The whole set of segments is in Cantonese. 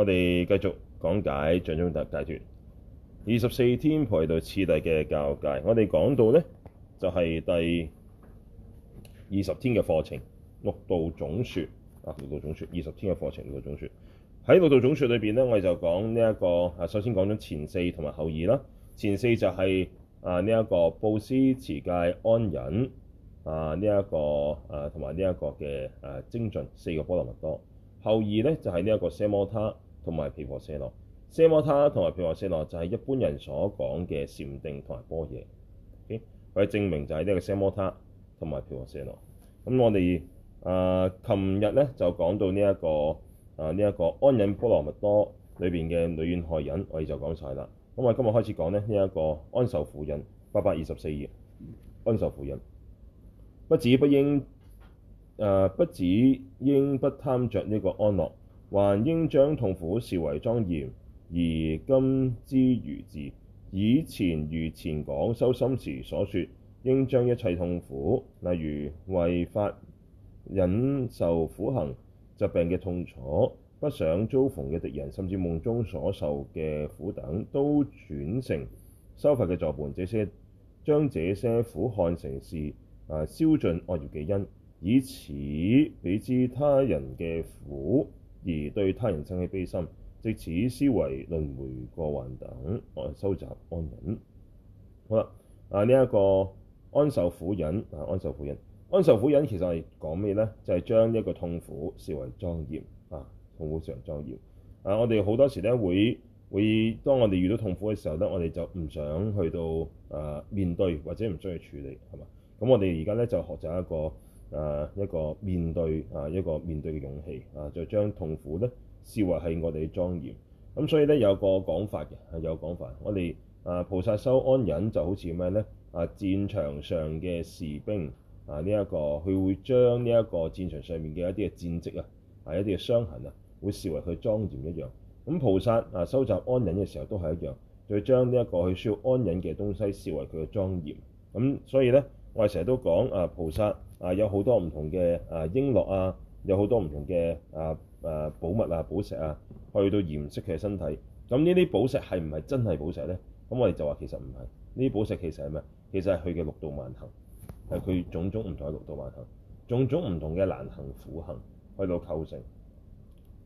我哋繼續講解《掌中解脫》二十四天菩提道次第嘅教界。我哋講到咧，就係、是、第二十天嘅課程《六度總說》啊，六《六度總說》二十天嘅課程，《六度總說》喺《六度總說》裏邊咧，我哋就講呢一個啊，首先講咗前四同埋後二啦。前四就係、是、啊呢一、這個布施持戒、安忍啊呢一、這個啊同埋呢一個嘅誒精進四個波羅蜜多。後二咧就係呢一個奢摩同埋毗婆舍羅、奢摩他同埋毗婆舍羅就係一般人所講嘅禪定同埋般若。OK，佢證明就係呢個奢摩他同埋毗婆舍羅。咁我哋啊，琴、呃、日咧就講到呢、這、一個啊，呢、呃、一、這個安忍波羅蜜多裏邊嘅女怨害忍，我哋就講晒啦。咁我哋今日開始講咧呢一、這個安受苦忍，八百二十四頁。安受苦忍，不只不應啊、呃，不只應不貪着呢個安樂。還應將痛苦視為莊嚴，而甘之如飴。以前如前講修心時所說，應將一切痛苦，例如為法忍受苦行、疾病嘅痛楚、不想遭逢嘅敵人，甚至夢中所受嘅苦等，都轉成修法嘅助伴。這些將這些苦看成是啊消盡惡業嘅因，以此比知他人嘅苦。而對他人生起悲心，即此思維輪迴過患等來收集安忍。好啦，啊呢一、這個安守苦忍啊，安守苦忍，安守苦忍其實係講咩呢？就係將一個痛苦視為莊嚴啊，痛苦常莊嚴啊。我哋好多時咧會會，當我哋遇到痛苦嘅時候咧，我哋就唔想去到啊面對或者唔想去處理，係嘛？咁我哋而家咧就學習一個，誒一個面對啊，一個面對嘅勇氣啊，就將痛苦呢視為係我哋嘅莊嚴。咁所以呢，有個講法嘅，有講法。我哋誒、啊、菩薩修安忍就好似咩呢啊，戰場上嘅士兵啊，呢、這、一個佢會將呢一個戰場上面嘅一啲嘅戰績啊，啊一啲嘅傷痕啊，會視為佢嘅莊嚴一樣。咁菩薩啊，收集安忍嘅時候都係一樣，再將呢一個佢需要安忍嘅東西視為佢嘅莊嚴。咁所以呢，我哋成日都講誒、啊、菩薩。有好多唔同嘅啊，有好多唔同嘅啊，瓔珞啊，有好多唔同嘅啊啊寶物啊，寶石啊，去到嚴飾佢嘅身體。咁呢啲寶石係唔係真係寶石咧？咁我哋就話其實唔係。呢啲寶石其實係咩？其實係佢嘅六度萬行，係佢種種唔同嘅六度萬行，種種唔同嘅難行苦行去到構成。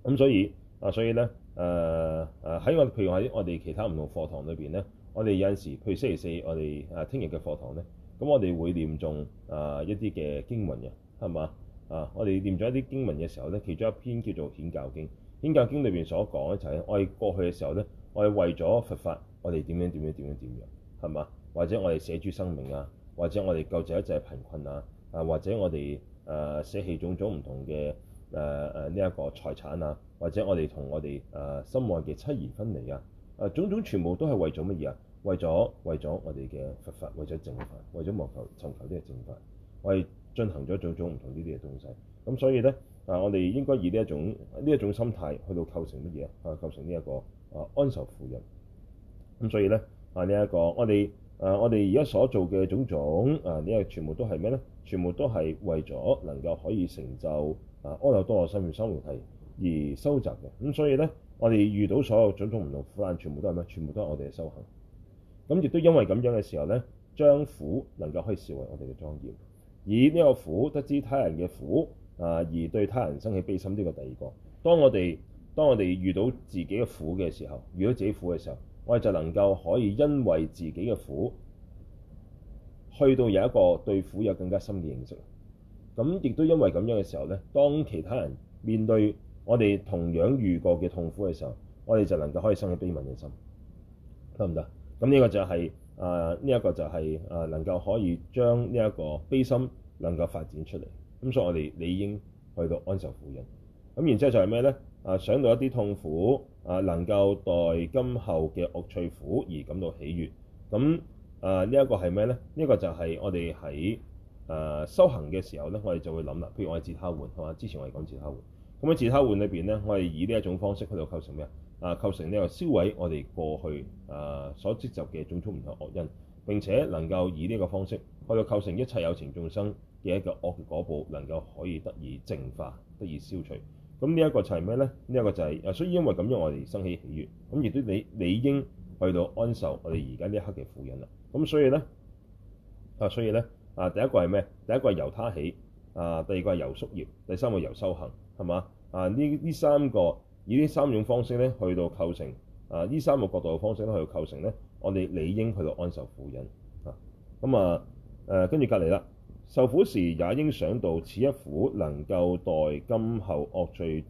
咁所以啊，所以咧，誒誒喺我譬如係我哋其他唔同課堂裏邊咧，我哋有陣時，譬如星期四，四我哋啊聽日嘅課堂咧。咁我哋會念誦啊一啲嘅經文嘅，係嘛啊？我哋念咗一啲經文嘅時候咧，其中一篇叫做《顯教經》。顯教經裏邊所講咧就係我哋過去嘅時候咧，我哋為咗佛法，我哋點樣點樣點樣點樣，係嘛？或者我哋捨諸生命啊，或者我哋救濟一啲貧困啊，啊或者我哋誒捨棄種種唔同嘅誒誒呢一個財產啊，或者我哋同我哋誒心愛嘅妻兒分離啊，啊種種全部都係為咗乜嘢？為咗為咗我哋嘅佛法，為咗正法，為咗望求尋求呢個正法，為進行咗種種唔同呢啲嘅東西。咁所以咧啊，我哋應該以呢一種呢一種心態去到構成乜嘢啊？構成呢一個啊安受苦忍。咁所以咧啊，呢一個我哋啊，我哋而家所做嘅種種啊，呢個全部都係咩咧？全部都係為咗能夠可以成就啊阿耨多羅三藐三菩提而收集嘅。咁所以咧，我哋遇到所有種種唔同苦難，全部都係咩？全部都係我哋嘅修行。咁亦都因為咁樣嘅時候呢，將苦能夠可以視為我哋嘅莊嚴，以呢個苦得知他人嘅苦啊，而對他人生起悲心，呢、呢個第二個。當我哋當我哋遇到自己嘅苦嘅時候，遇到自己的苦嘅時候，我哋就能夠可以因為自己嘅苦去到有一個對苦有更加深嘅認識。咁亦都因為咁樣嘅時候呢，當其他人面對我哋同樣遇過嘅痛苦嘅時候，我哋就能夠可以生起悲憫嘅心，得唔得？咁呢個就係、是、啊，呢、呃、一、這個就係啊，能夠可以將呢一個悲心能夠發展出嚟。咁所以我哋理應去到安受苦忍。咁然之後就係咩咧？啊、呃，想到一啲痛苦啊、呃，能夠待今後嘅惡趣苦而感到喜悅。咁啊，呃這個，呢一個係咩咧？呢、這個就係我哋喺啊修行嘅時候咧，我哋就會諗啦。譬如我係自他換，係嘛？之前我哋講自他換。咁喺自他換裏邊咧，我哋以呢一種方式去到構成咩？毀毀，啊，構成呢個消毀我哋過去啊所積集嘅眾多唔同惡因，並且能夠以呢個方式去到構成一切有情眾生嘅一個惡果報，能夠可以得以淨化、得以消除。咁呢一個就係咩呢？呢、這、一個就係、是、啊，所以因為咁樣我哋生起喜悅，咁亦都理理應去到安受我哋而家呢一刻嘅苦因啦。咁所以呢，啊，所以呢，啊，第一個係咩？第一個係由他起啊，第二個係由宿業，第三個由修行，係嘛？啊，呢呢三個。以呢三種方式咧，去到構成啊，呢三個角度嘅方式咧，去到構成咧，我哋理應去到安受苦忍啊。咁啊，誒跟住隔離啦，受苦時也應想到此一苦能夠代今後惡趣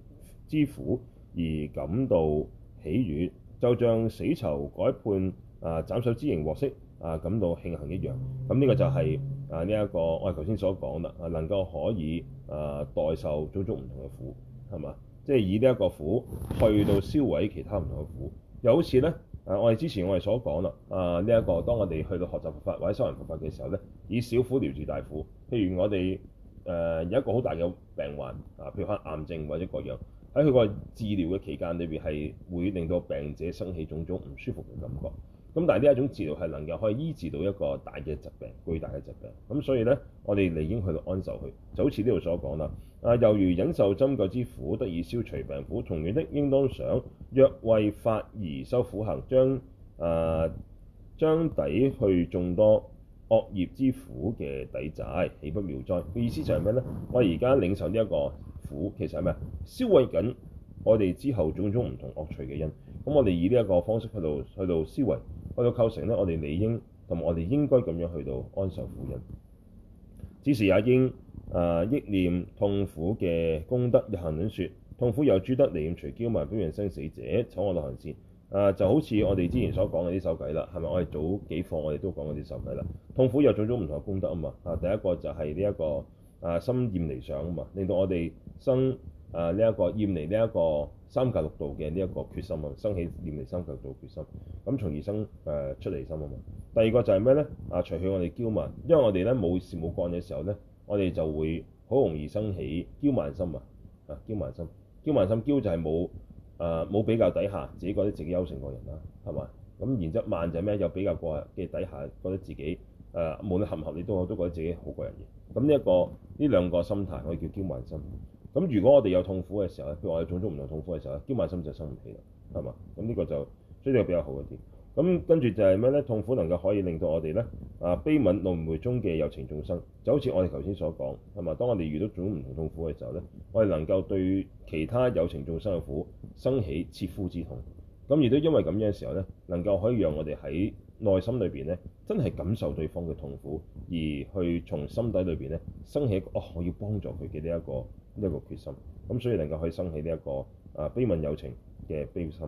之苦而感到喜悅，就像死囚改判啊斬手之刑獲釋啊，感到慶幸一樣。咁、啊、呢、啊就是啊呢個就係啊呢一個我哋頭先所講啦，能夠可以啊代受種種唔同嘅苦，係嘛？即係以呢一個苦去到消毀其他唔同嘅苦，又好似咧，誒、啊，我哋之前我哋所講啦，啊，呢、這、一個當我哋去到學習佛法或者修學佛法嘅時候咧，以小苦療治大苦，譬如我哋誒、呃、有一個好大嘅病患啊，譬如可能癌症或者各樣喺佢個治療嘅期間裏邊係會令到病者生起種種唔舒服嘅感覺。咁但係呢一種治療係能夠可以醫治到一個大嘅疾病、巨大嘅疾病。咁所以呢，我哋嚟已經去到安受苦。就好似呢度所講啦。啊，猶如忍受針灸之苦，得以消除病苦。同樣的，應當想若為法而修苦行，將啊、呃、將抵去眾多惡業之苦嘅抵債，豈不妙哉？意思就係咩呢？我而家領受呢一個苦，其實係咩？銷毀緊我哋之後種種唔同惡趣嘅因。咁我哋以呢一個方式去到去到銷毀。去到構成咧，我哋理應同埋我哋應該咁樣去到安受苦忍。此時也應啊憶念痛苦嘅功德，入行論説，痛苦有諸德，厭離除驕慢，悲愍生死者，羞惡樂行善啊，就好似我哋之前所講嘅啲首偈啦，係咪？我哋早幾課我哋都講過啲首偈啦。痛苦有種種唔同嘅功德啊嘛，啊，第一個就係呢一個啊深厭離想啊嘛，令到我哋生啊呢一個厭離呢一個。三界六道嘅呢一個決心啊，生起厭離三界六道，決心，咁從而生誒、呃、出離心啊。嘛，第二個就係咩咧？啊，除去我哋驕慢，因為我哋咧冇事冇幹嘅時候咧，我哋就會好容易生起驕慢心啊！啊，驕慢心，驕慢心，驕就係冇誒冇比較底下，自己覺得自己優勝過人啦，係嘛？咁然之後慢就係咩？又比較過嘅底下，覺得自己誒、呃、無論合唔合你都都覺得自己好過人。嘅、這個。咁呢一個呢兩個心態，我哋叫驕慢心。咁如果我哋有痛苦嘅時候譬如我哋種種唔同痛苦嘅時候咧，驕慢心就生唔起啦，係嘛？咁呢個就所以就比較好一啲。咁跟住就係咩咧？痛苦能夠可以令到我哋咧啊悲憫輪迴中嘅有情眾生，就好似我哋頭先所講係嘛？當我哋遇到種種唔同痛苦嘅時候咧，我哋能夠對其他有情眾生嘅苦生起切膚之痛。咁而都因為咁樣嘅時候咧，能夠可以讓我哋喺內心裏邊咧真係感受對方嘅痛苦，而去從心底裏邊咧生起哦，我要幫助佢嘅呢一個。一個決心咁，所以能夠可以生起呢一個啊悲憫有情嘅悲心。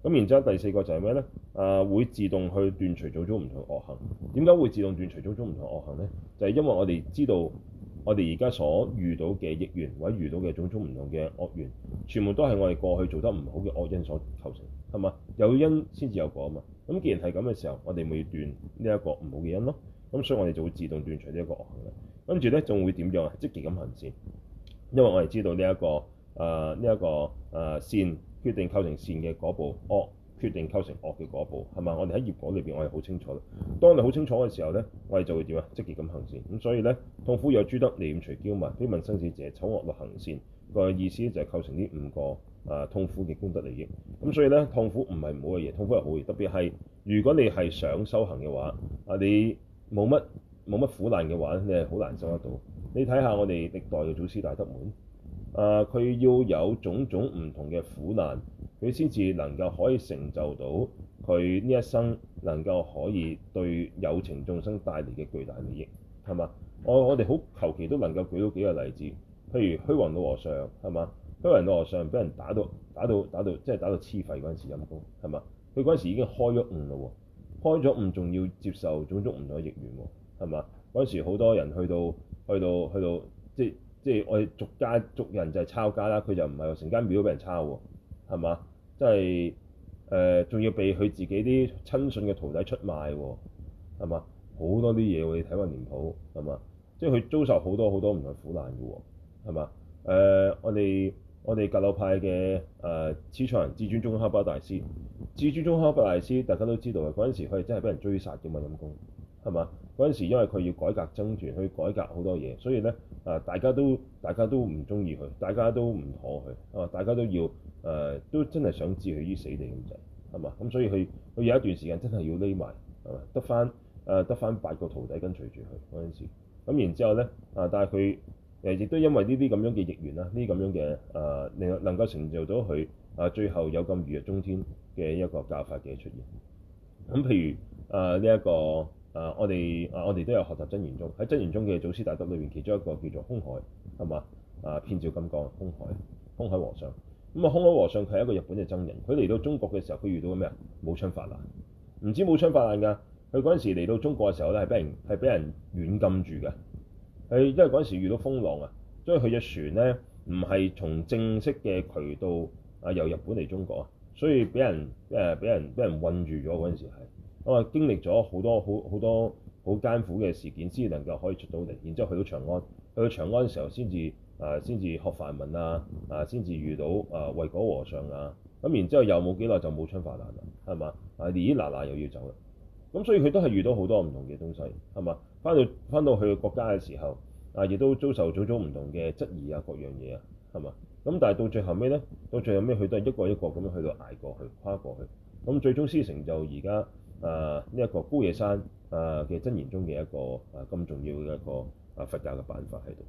咁然之後第四個就係咩呢？啊，會自動去斷除種種唔同惡行。點解會自動斷除種種唔同惡行呢？就係因為我哋知道我哋而家所遇到嘅逆緣，或者遇到嘅種種唔同嘅惡緣，全部都係我哋過去做得唔好嘅惡因所構成，係嘛？有因先至有果啊嘛。咁既然係咁嘅時候，我哋咪要斷呢一個唔好嘅因咯。咁所以我哋就會自動斷除呢一個惡行嘅。跟住呢，仲會點樣啊？積極咁行善。因為我哋知道呢，這、一個誒呢一個誒善、呃、決定構成善嘅嗰部，惡決定構成惡嘅嗰部，係嘛？我哋喺業果裏邊我係好清楚嘅。當你好清楚嘅時候咧，我哋就會點啊？積極咁行善。咁所以咧，痛苦有諸德，厭離除驕慢，悲愍生死者，羞惡樂行善。個意思就係構成呢五個誒、呃、痛苦嘅功德利益。咁所以咧，痛苦唔係唔好嘅嘢，痛苦係好嘢。特別係如果你係想修行嘅話，啊你冇乜。冇乜苦難嘅話，你係好難受得到。你睇下我哋歷代嘅祖師大德們，啊、呃，佢要有種種唔同嘅苦難，佢先至能夠可以成就到佢呢一生能夠可以對有情眾生帶嚟嘅巨大利益，係嘛？我我哋好求其都能夠舉到幾個例子，譬如虛雲老和尚，係嘛？虛雲老和尚俾人打到打到打到，即係打到黐肺嗰陣時，陰功係嘛？佢嗰陣時已經開咗悟咯喎，開咗悟仲要接受種種唔同嘅逆緣喎。係嘛？嗰陣時好多人去到去到去到，去到，即即我哋逐家族人就係抄家啦。佢就唔係成間廟都俾人抄喎，係嘛？即係誒，仲、呃、要被佢自己啲親信嘅徒弟出賣喎，係嘛？好多啲嘢我哋睇翻《年譜》，係嘛？即佢遭受好多好多唔同苦難嘅喎，係嘛？誒、呃，我哋我哋格魯派嘅誒始創人，至尊宗喀巴大師，至尊宗喀巴大師大家都知道嘅嗰陣時，佢係真係俾人追殺嘅嘛陰公，係嘛？嗰陣時，因為佢要改革爭權，去改革好多嘢，所以咧啊，大家都大家都唔中意佢，大家都唔妥佢，啊，大家都要誒、呃，都真係想置佢於死地咁滯，係嘛？咁所以佢佢有一段時間真係要匿埋，係嘛？得翻誒，得翻八個徒弟跟隨住佢嗰陣時。咁然之後咧啊，但係佢誒亦都因為呢啲咁樣嘅逆緣啦，呢啲咁樣嘅誒，能、呃、能夠成就到佢啊，最後有咁如日中天嘅一個教法嘅出現。咁譬如誒呢一個。啊！我哋啊，我哋都有學習真言宗。喺真言宗嘅祖師大德裏面，其中一個叫做空海，係嘛？啊，遍照金剛，空海，空海和尚。咁啊，空海和尚佢係一個日本嘅僧人。佢嚟到中國嘅時候，佢遇到咩啊？武昌法難，唔知武昌法難㗎。佢嗰陣時嚟到中國嘅時候咧，係俾人係俾人軟禁住㗎。係因為嗰陣時遇到風浪啊，所以佢隻船咧唔係從正式嘅渠道啊由日本嚟中國啊，所以俾人即係俾人、啊、俾人俾人困住咗嗰陣時係。我係經歷咗好多、好好多好艱苦嘅事件，先至能夠可以出到嚟，然之後去到長安。去到長安嘅時候，先至啊，先至學梵文啊，啊、呃，先至遇到啊慧果和尚啊。咁然之後又冇幾耐就冇穿法蘭啦，係嘛啊？唸唸唸又要走啦。咁所以佢都係遇到好多唔同嘅東西，係嘛？翻到翻到去國家嘅時候啊，亦都遭受種種唔同嘅質疑啊，各樣嘢啊，係嘛？咁但係到最後尾呢，到最後尾佢都係一個一個咁樣去到捱過去、跨過去。咁最終師成就而家。啊！呢一、呃這個高野山啊嘅、呃、真言中嘅一個啊咁、呃、重要嘅一個啊佛教嘅辦法喺度。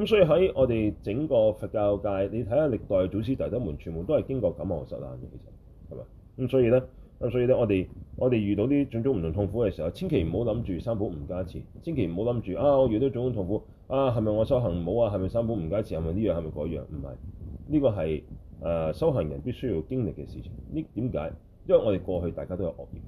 咁、嗯、所以喺我哋整個佛教界，你睇下歷代祖師大德們，全部都係經過咁磨實難嘅，其實係嘛咁。所以咧咁，所以咧我哋我哋遇到啲種種唔同痛苦嘅時候，千祈唔好諗住三寶唔加持，千祈唔好諗住啊！我遇到種種痛苦啊，係咪我修行唔好啊？係咪三寶唔加持？係咪呢樣？係咪嗰樣？唔係，呢個係啊修行人必須要經歷嘅事情。呢，點解？因為我哋過去大家都有惡業。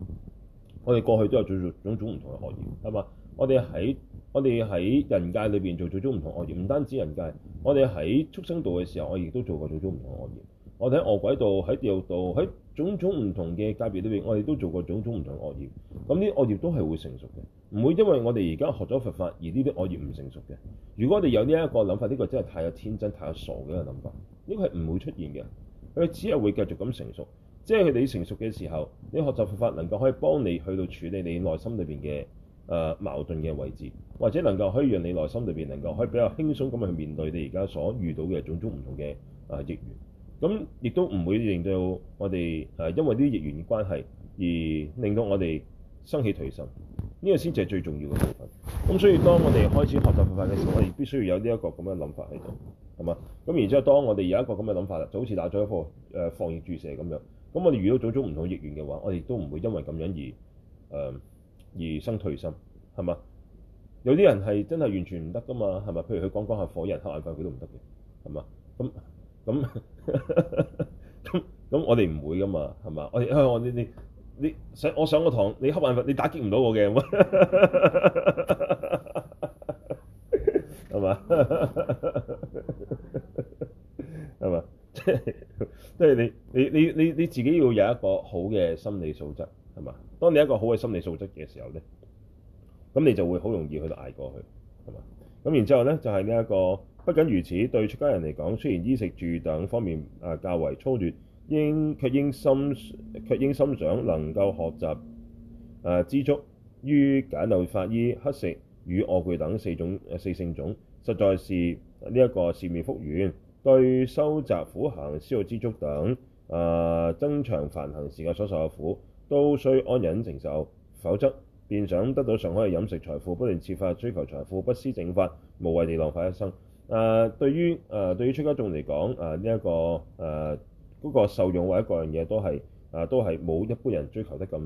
我哋過去都有做做種種唔同嘅惡業，係嘛？我哋喺我哋喺人界裏邊做種種唔同惡業，唔單止人界，我哋喺畜生道嘅時候，我亦都做過種種唔同嘅惡業。我哋喺餓鬼道、喺地獄道、喺種種唔同嘅界別裏邊，我哋都做過種種唔同嘅惡業。咁呢啲惡業都係會成熟嘅，唔會因為我哋而家學咗佛法而呢啲惡業唔成熟嘅。如果我哋有呢一個諗法，呢個真係太有天真、太有傻嘅一個諗法，呢個係唔會出現嘅，佢只係會繼續咁成熟。即係佢哋成熟嘅時候，你學習佛法能夠可以幫你去到處理你內心裏邊嘅誒矛盾嘅位置，或者能夠可以讓你內心裏邊能夠可以比較輕鬆咁去面對你而家所遇到嘅種種唔同嘅誒逆緣，咁亦都唔會令到我哋誒、呃、因為啲逆緣關係而令到我哋生起退心，呢、這個先至係最重要嘅部分。咁所以當我哋開始學習佛法嘅時候，我哋必須要有呢、這、一個咁嘅諗法喺度，係嘛？咁然之後當我哋有一個咁嘅諗法啦，就好似打咗一個誒、呃、防疫注射咁樣。咁我哋遇到種種唔同逆緣嘅話，我哋都唔會因為咁樣而誒、呃、而生退心，係嘛？有啲人係真係完全唔得噶嘛，係咪？譬如佢講講下火，有人瞌眼瞓，佢都唔得嘅，係 嘛？咁咁咁咁，我哋唔會噶嘛，係嘛？我哋啊，我你你你上我上個堂，你瞌眼瞓，你打擊唔到我嘅，係嘛？係嘛？即係你你你你自己要有一個好嘅心理素質係嘛？當你一個好嘅心理素質嘅時候咧，咁你就會好容易去到捱過去係嘛？咁然之後咧就係呢一個，不僅如此，對出家人嚟講，雖然衣食住等方面啊較為粗劣，應卻應心卻應心想能夠學習啊知足於簡陋法衣乞食與臥具等四種四聖種，實在是呢一個善妙福緣。蜇蜇對修習苦行、少欲知足等，啊、呃，增長梵行時間所受嘅苦，都需安忍承受，否則便想得到上好嘅飲食財富，不斷設法追求財富，不思正法，無謂地浪費一生。啊、呃，對於啊、呃，對於出家眾嚟講，啊呢一個啊，不、呃這個、受用或者各樣嘢都係啊、呃，都係冇一般人追求得咁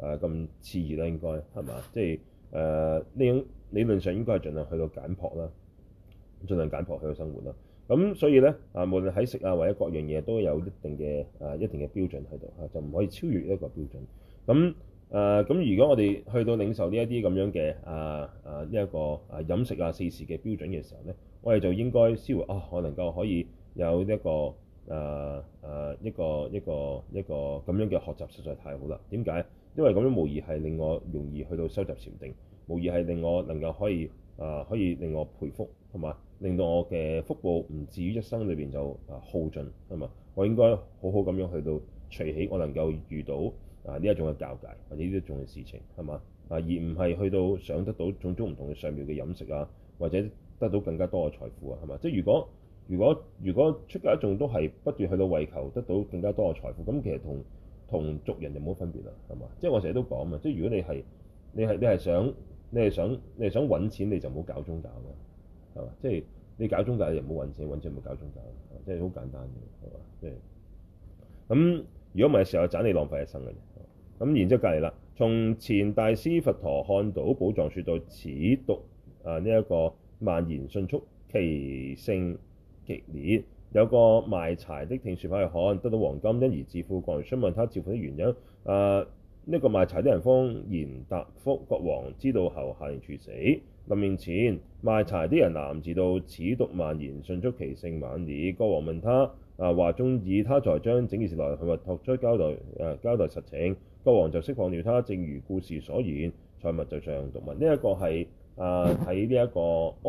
啊咁熾熱啦。呃、應該係嘛？即係誒呢種理論上應該係儘量去到簡樸啦，儘量到簡樸去到生活啦。咁所以咧，啊無論喺食啊或者各樣嘢都有一定嘅啊、呃、一定嘅標準喺度嚇，就唔可以超越一個標準。咁誒咁，如果我哋去到領受呢一啲咁樣嘅啊啊呢一個啊飲食啊四時嘅標準嘅時候咧，我哋就應該思維啊、哦，我能夠可以有一個誒誒、呃呃、一個一個一個咁樣嘅學習實在太好啦！點解？因為咁樣無疑係令我容易去到收集禪定，無疑係令我能夠可以啊、呃、可以令我培福。係嘛？令到我嘅福報唔至於一生裏邊就啊耗盡係嘛？我應該好好咁樣去到隨起我能夠遇到啊呢一種嘅教界，或者呢啲種嘅事情係嘛？啊而唔係去到想得到種種唔同嘅上妙嘅飲食啊，或者得到更加多嘅財富啊係嘛？即係如果如果如果出家眾都係不斷去到為求得到更加多嘅財富，咁其實同同族人就冇分別啦係嘛？即係我成日都講啊，即係如果你係你係你係想你係想你係想揾錢，你就唔好搞宗教啦。即係你搞宗教就唔好揾錢，揾錢唔好搞宗教，即係好簡單嘅係嘛？即係咁。如果唔係嘅時候，盞你浪費一生嘅。咁、嗯、然之後，隔籬啦，從前大師佛陀看到寶藏，說道此毒啊，呢、呃、一、這個蔓延迅速，其性極烈。有個賣柴的聽說法去看，得到黃金，因而致富。國王詢問他致富的原因，誒、呃。呢個賣柴啲人謊言答覆國王，知道後下令處死。臨刑前，賣柴啲人喃住道此毒蔓延，迅速其性晚耳。國王問他：啊話中意？他才將整件事來全部托出交代，誒、啊、交代實情。國王就釋放了他。正如故事所言。財物就像毒物。呢、這個啊、一個係啊喺呢一個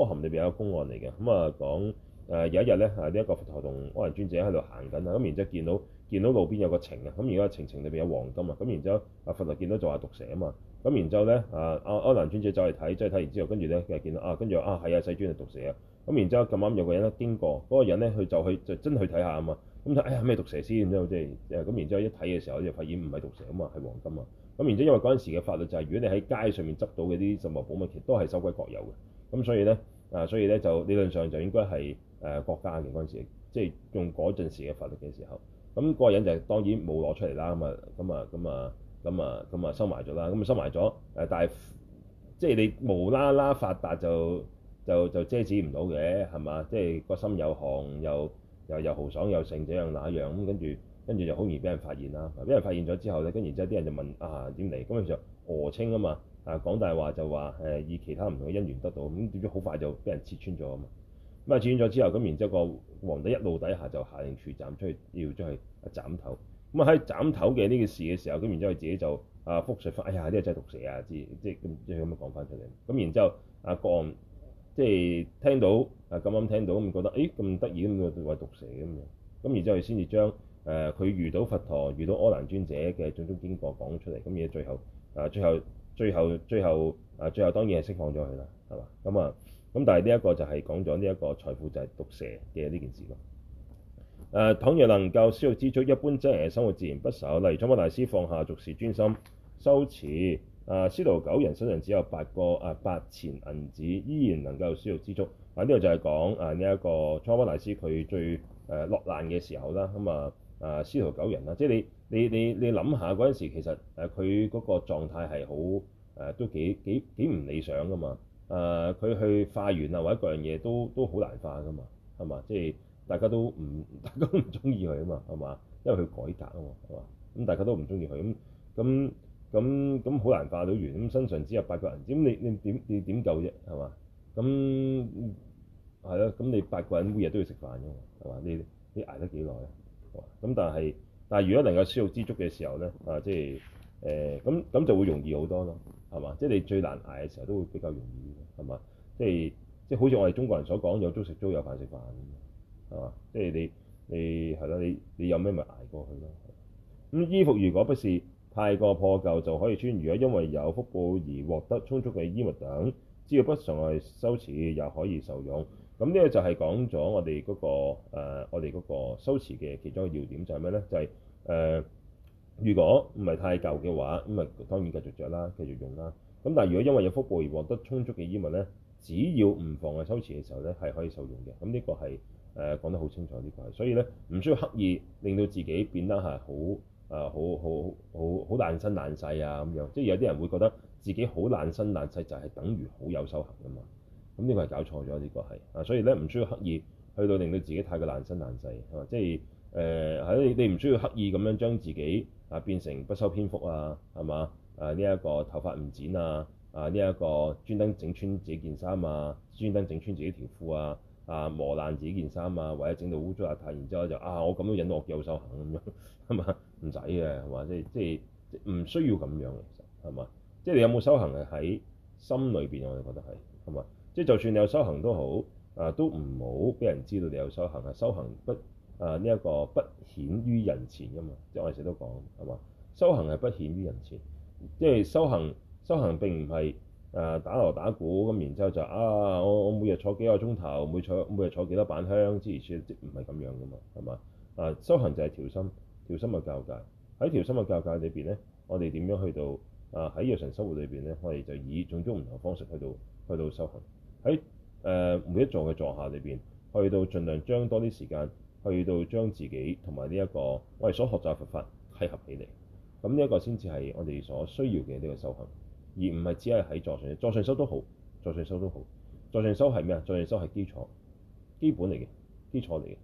阿含裏邊有個公案嚟嘅。咁、嗯、啊講誒、啊、有一日咧啊呢一、這個佛陀同阿難尊者喺度行緊啊，咁然之後見到。見到路邊有個情啊，咁而家情情裏邊有黃金啊，咁然之後啊法律見到就話毒蛇啊嘛，咁然之後咧啊阿安南尊者走嚟睇，即係睇完之後，跟住咧佢係見到啊，跟住啊係啊世尊係毒蛇啊，咁然之後咁啱有個人咧經過，嗰、那個人咧佢就去就真去睇下啊嘛，咁睇下呀咩毒蛇先，咁即係誒咁然之後一睇嘅時候，就發現唔係毒蛇啊嘛，係黃金啊，咁然之後因為嗰陣時嘅法律就係、是、如果你喺街上面執到嗰啲什物寶物，其實都係收歸國有嘅，咁所以咧啊所以咧就理論上就應該係誒國家嘅嗰陣時，即係用嗰陣時嘅法律嘅時候。咁嗰個人就當然冇攞出嚟啦，咁啊，咁啊，咁啊，咁啊收埋咗啦，咁啊收埋咗，誒但係即係你無啦啦發達就就就遮止唔到嘅，係嘛？即係個心有行又又又豪爽又性這樣那樣，咁跟住跟住就好容易俾人發現啦。俾人發現咗之後咧，跟住之後啲人就問啊點嚟？咁佢就訛稱啊嘛，但啊講大話就話誒以其他唔同嘅因緣得到，咁點知好快就俾人拆穿咗啊嘛。咁啊，刺咗之後，咁然之後個皇帝一路底下就下令處斬出去，要將佢斬頭。咁啊喺斬頭嘅呢件事嘅時候，咁然之後佢自己就啊複述翻，哎呀，呢個真係毒蛇啊，之即係咁即係咁樣講翻出嚟。咁然之後，阿國王即係聽到啊咁啱聽到咁覺得，咦咁得意咁啊喂毒蛇咁樣。咁然之後佢先至將誒佢遇到佛陀、遇到阿難尊者嘅種種經過講出嚟。咁而最後啊，最後最後最後啊，最後當然係釋放咗佢啦，係嘛？咁啊。咁但係呢一個就係講咗呢一個財富就係、是、毒蛇嘅呢件事咯。誒、啊，倘若能夠少欲知足，一般僧人生活，自然不愁。例如宗喀巴大師放下俗事，專心修持。誒、啊，師徒九人身上只有八個誒、啊、八錢銀子，依然能夠少欲知足。呢、啊啊這個就係講誒呢一個宗喀巴大師佢最誒、啊、落難嘅時候啦。咁啊誒師、啊、徒九人啦，即係你你你你諗下嗰陣時，其實誒佢嗰個狀態係好誒都幾幾幾唔理想㗎嘛。誒佢、啊、去化緣啊，或者各樣嘢都都好難化噶嘛，係嘛？即係大家都唔，大家都唔中意佢啊嘛，係嘛？因為佢改革啊嘛，係嘛？咁大家都唔中意佢，咁咁咁咁好難化到完。咁身上只有八個人，咁你你點你點夠啫？係嘛？咁係咯，咁、嗯嗯嗯、你八個人每日都要食飯嘅嘛，係嘛？你你捱得幾耐啊？咁但係，但係如果能夠需要知足嘅時候咧，啊，即係。誒咁咁就會容易好多咯，係嘛？即係你最難捱嘅時候都會比較容易啲，係嘛？即係即係好似我哋中國人所講，有粥食粥，有飯食飯，係嘛？即係你你係咯，你你，你，你有咩咪捱過去咯？咁衣服如果不是太過破舊就可以穿，如果因為有福報而獲得充足嘅衣物等，只要不妨礙修持又可以受用。咁呢個就係講咗我哋嗰、嗰個、呃、我哋嗰個修持嘅其中嘅要點就係咩咧？就係、是、誒。呃如果唔係太舊嘅話，咁咪當然繼續着啦，繼續用啦。咁但係如果因為有福報而獲得充足嘅衣物咧，只要唔妨礙修持嘅時候咧，係可以受用嘅。咁呢個係誒、呃、講得好清楚，呢、呢個係所以咧唔需要刻意令到自己變得係好啊好好好好好爛身爛世啊咁樣，即係有啲人會覺得自己好爛身爛世就係等於好有修行㗎嘛。咁呢個係搞錯咗，呢、呢個係啊，所以咧唔需要刻意去到令到自己太過爛身爛世嚇，即係誒喺你你唔需要刻意咁樣將自己。啊！變成不修邊幅啊，係嘛？啊呢一個頭髮唔剪啊，啊呢一個專登整穿自己件衫啊，專登整穿自己條褲啊，啊磨爛自己件衫啊，或者整到污糟邋遢，然之後就啊我咁都引到我嘅好修行咁樣，係嘛？唔使嘅係嘛？即係即係唔需要咁樣嘅，係嘛？即係你有冇修行係喺心裏邊？我哋覺得係係嘛？即係就算你有修行都好，啊都唔好俾人知道你有修行，係修行不？啊！呢、這、一個不顯於人前噶嘛，即係我哋成日都講係嘛？修行係不顯於人前，即係修行修行並唔係誒打鑼打鼓咁，然之後就啊我我每日坐幾個鐘頭，每坐每日坐幾多板香之類之，唔係咁樣噶嘛，係嘛？啊修行就係調心，調心嘅教界喺調心嘅教界裏邊咧，我哋點樣去到啊喺日常生活裏邊咧，我哋就以種種唔同方式去到去到修行喺誒、呃、每一座嘅座下裏邊，去到盡量將多啲時間。去到將自己同埋呢一個，我哋所學習佛法契合起嚟，咁呢一個先至係我哋所需要嘅呢個修行，而唔係只係喺座上座上修都好，座上修都好，座上修係咩啊？座上修係基礎、基本嚟嘅，基礎嚟嘅。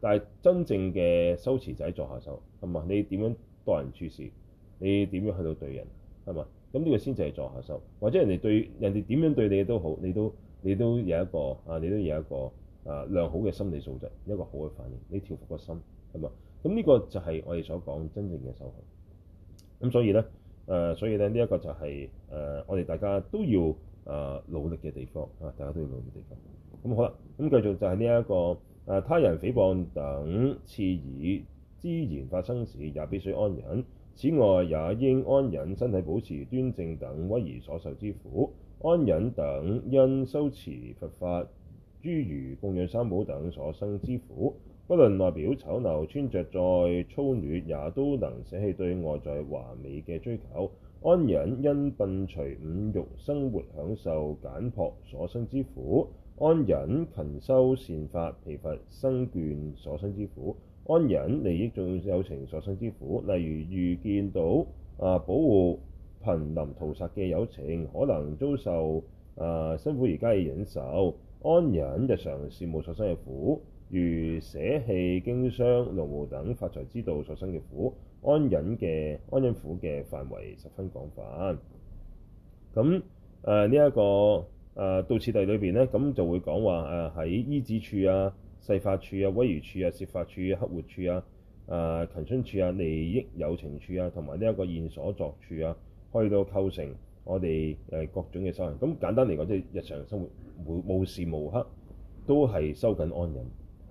但係真正嘅修持就喺座下修，係嘛？你點樣待人處事，你點樣去到對人，係嘛？咁呢個先至係座下修，或者人哋對人哋點樣對你都好，你都你都有一個啊，你都有一個。你都有一個啊，良好嘅心理素質，一個好嘅反應，你調伏個心，係嘛？咁呢個就係我哋所講真正嘅修學。咁所以咧，誒、呃，所以咧呢一個就係、是、誒、呃，我哋大家都要啊、呃、努力嘅地方啊，大家都要努力嘅地方。咁好啦，咁繼續就係呢一個誒、啊，他人誹謗等刺耳之言發生時，也必須安忍。此外，也應安忍身體保持端正等威儀所受之苦，安忍等因修持佛法。諸如供養三寶等所生之苦，不論外表醜陋，穿着再粗劣，也都能捨棄對外在華美嘅追求；安忍因擯除五欲，生活享受簡樸所生之苦；安忍勤修善法疲乏生倦所生之苦；安忍利益眾有情所生之苦，例如遇見到啊保護瀕臨屠殺嘅有情，可能遭受啊辛苦而加以忍受。安忍日常事務所生嘅苦，如捨棄經商、農務等發財之道所生嘅苦，安忍嘅安忍苦嘅範圍十分廣泛。咁誒、呃這個呃、呢一個誒道次第裏邊咧，咁就會講話誒喺依止處啊、世法處啊、威儀處啊、攝法處啊、乞活處啊、誒、呃、勤劬處啊、利益有情處啊，同埋呢一個現所作處啊，可以到構成。我哋誒各種嘅修行，咁簡單嚟講，即係日常生活，無無時無刻都係修緊安忍，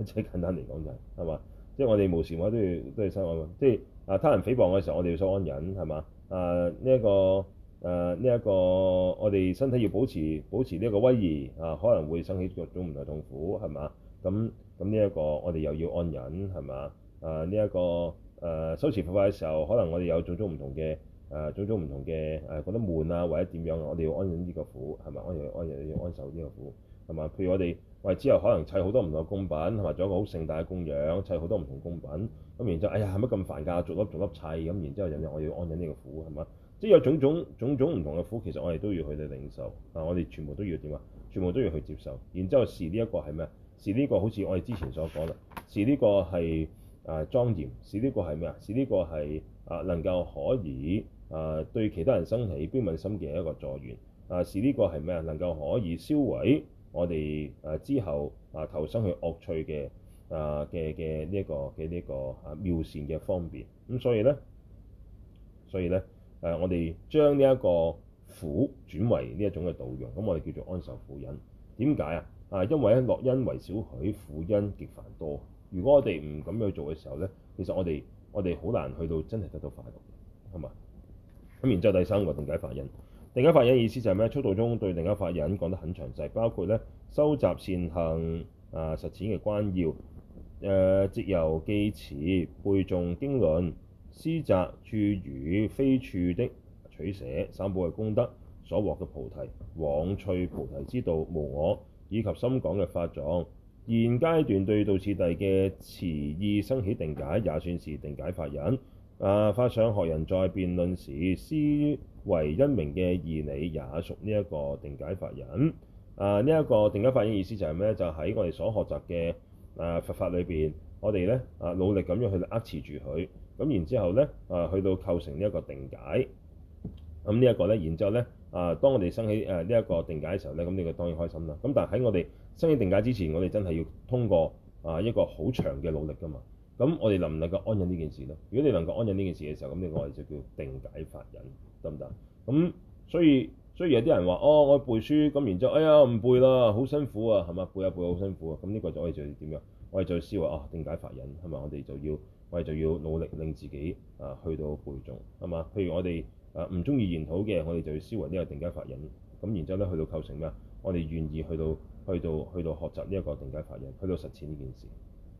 即係簡單嚟講就係，係嘛？即係我哋無時無刻都要都要修安忍，即係啊他人誹謗嘅時候，我哋要修安忍，係嘛？啊呢一個啊呢一個，我哋身體要保持保持呢一個威儀啊、呃，可能會生起各種唔同痛苦，係嘛？咁咁呢一個，我哋又要安忍，係嘛？啊呢一個誒修持佛法嘅時候，可能我哋有種種唔同嘅。誒種種唔同嘅誒覺得悶啊，或者點樣，我哋要安忍呢個苦，係咪？安忍安要安受呢個苦，同埋譬如我哋為之後可能砌好多唔同嘅供品，同埋做一個好盛大嘅供養，砌好多唔同供品，咁然之後，哎呀，做乜咁煩㗎？逐粒逐粒砌，咁然之後，又要我要安忍呢個苦，係咪？即係有種種種種唔同嘅苦，其實我哋都要去到領受，嗱，我哋全部都要點啊？全部都要去接受，然之後試呢一個係咩啊？試呢個好似我哋之前所講啦，試呢個係誒莊嚴，試呢個係咩啊？試呢個係啊能夠可以。啊，對其他人生起悲憫心嘅一個助緣啊，是呢個係咩啊？能夠可以消毀我哋啊之後啊，投生去惡趣嘅啊嘅嘅呢一個嘅呢、這個、這個、啊妙善嘅方便咁、啊，所以咧，所以咧，誒、啊、我哋將呢一個苦轉為呢一種嘅道用，咁、啊、我哋叫做安受苦忍。點解啊？啊，因為咧樂因為少許，苦因極繁多。如果我哋唔咁樣做嘅時候咧，其實我哋我哋好難去到真係得到快樂，係咪？咁然之後第三個定解法忍，定解法忍意思就係咩？《速道》中對定解法忍講得很詳細，包括咧收集善行啊、呃、實踐嘅關要，誒藉由記持背誦經論，思擇處與非處的取捨，三寶嘅功德所獲嘅菩提，往趣菩提之道無我，以及深廣嘅法藏。現階段對道次第嘅詞義生起定解，也算是定解法忍。啊！法相學人在辯論時思惟因明嘅義理，也屬呢一個定解法忍。啊！呢、這、一個定解法忍意思就係咩？就喺我哋所學習嘅啊佛法裏邊，我哋咧啊努力咁樣去扼持住佢，咁、啊、然之後咧啊去到構成呢一個定解。咁、啊這個、呢一個咧，然之後咧啊，當我哋生起誒呢一個定解嘅時候咧，咁你就當然開心啦。咁、啊、但係喺我哋生起定解之前，我哋真係要通過啊一個好長嘅努力㗎嘛。咁我哋能唔能夠安忍呢件事咯？如果你能夠安忍呢件事嘅時候，咁你我哋就叫定解法忍，得唔得？咁所以所以有啲人話：哦，我背書，咁然之後，哎呀唔背啦，好辛苦啊，係嘛？背啊背啊，好辛苦啊！咁呢個就可以做點樣？我哋就要思維哦、啊，定解法忍係咪？我哋就要我哋就要努力令自己啊去到背誦係嘛？譬如我哋啊唔中意研討嘅，我哋就要思維呢個定解法忍，咁然之後咧去到構成咩我哋願意去到去到去到，去到學習呢一個定解法忍，去到實踐呢件事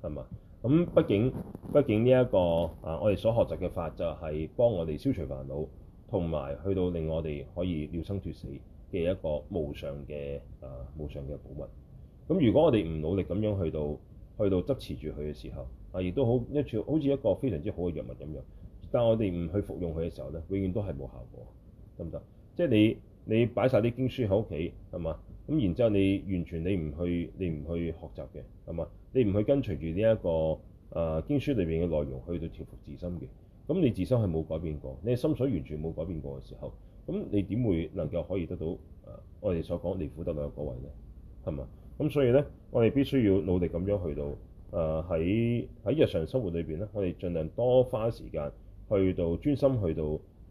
係嘛？咁畢竟，畢竟呢、這、一個啊，我哋所學習嘅法就係幫我哋消除煩惱，同埋去到令我哋可以了生脫死嘅一個無上嘅啊無上嘅寶物。咁如果我哋唔努力咁樣去到去到執持住佢嘅時候，啊，亦都一好一好似一個非常之好嘅藥物咁樣，但係我哋唔去服用佢嘅時候咧，永遠都係冇效果，得唔得？即係你你擺晒啲經書喺屋企係嘛？咁然之後，你完全你唔去，你唔去學習嘅，係嘛？你唔去跟隨住呢一個誒、呃、經書裏邊嘅內容去到調服自身嘅，咁你自身係冇改變過，你嘅心水完全冇改變過嘅時候，咁你點會能夠可以得到誒、呃、我哋所講離苦得樂嘅果位呢？係嘛？咁所以呢，我哋必須要努力咁樣去到誒喺喺日常生活裏邊呢，我哋盡量多花時間去到專心去到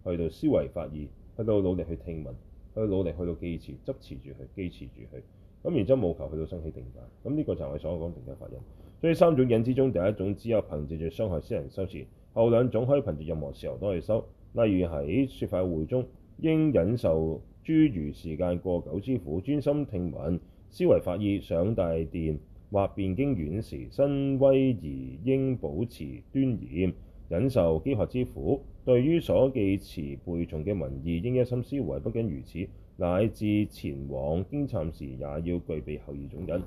去到思維法義，去到努力去聽聞。佢努力去到記持，執持住佢，記持住佢，咁然之後無求去到生起定解，咁、這、呢個就係我所講定解法忍。所以三種忍之中，第一種只有憑藉住傷害先能修持，後兩種可以憑住任何時候都去修。例如喺説法會中，應忍受諸如時間過久之苦，專心聽聞，思維法義，上大殿或辯經院時，身威儀應保持端嚴。忍受饑渴之苦，對於所記持背誦嘅文義，應一心思維。不僅如此，乃至前往經懺時，也要具備後二種忍。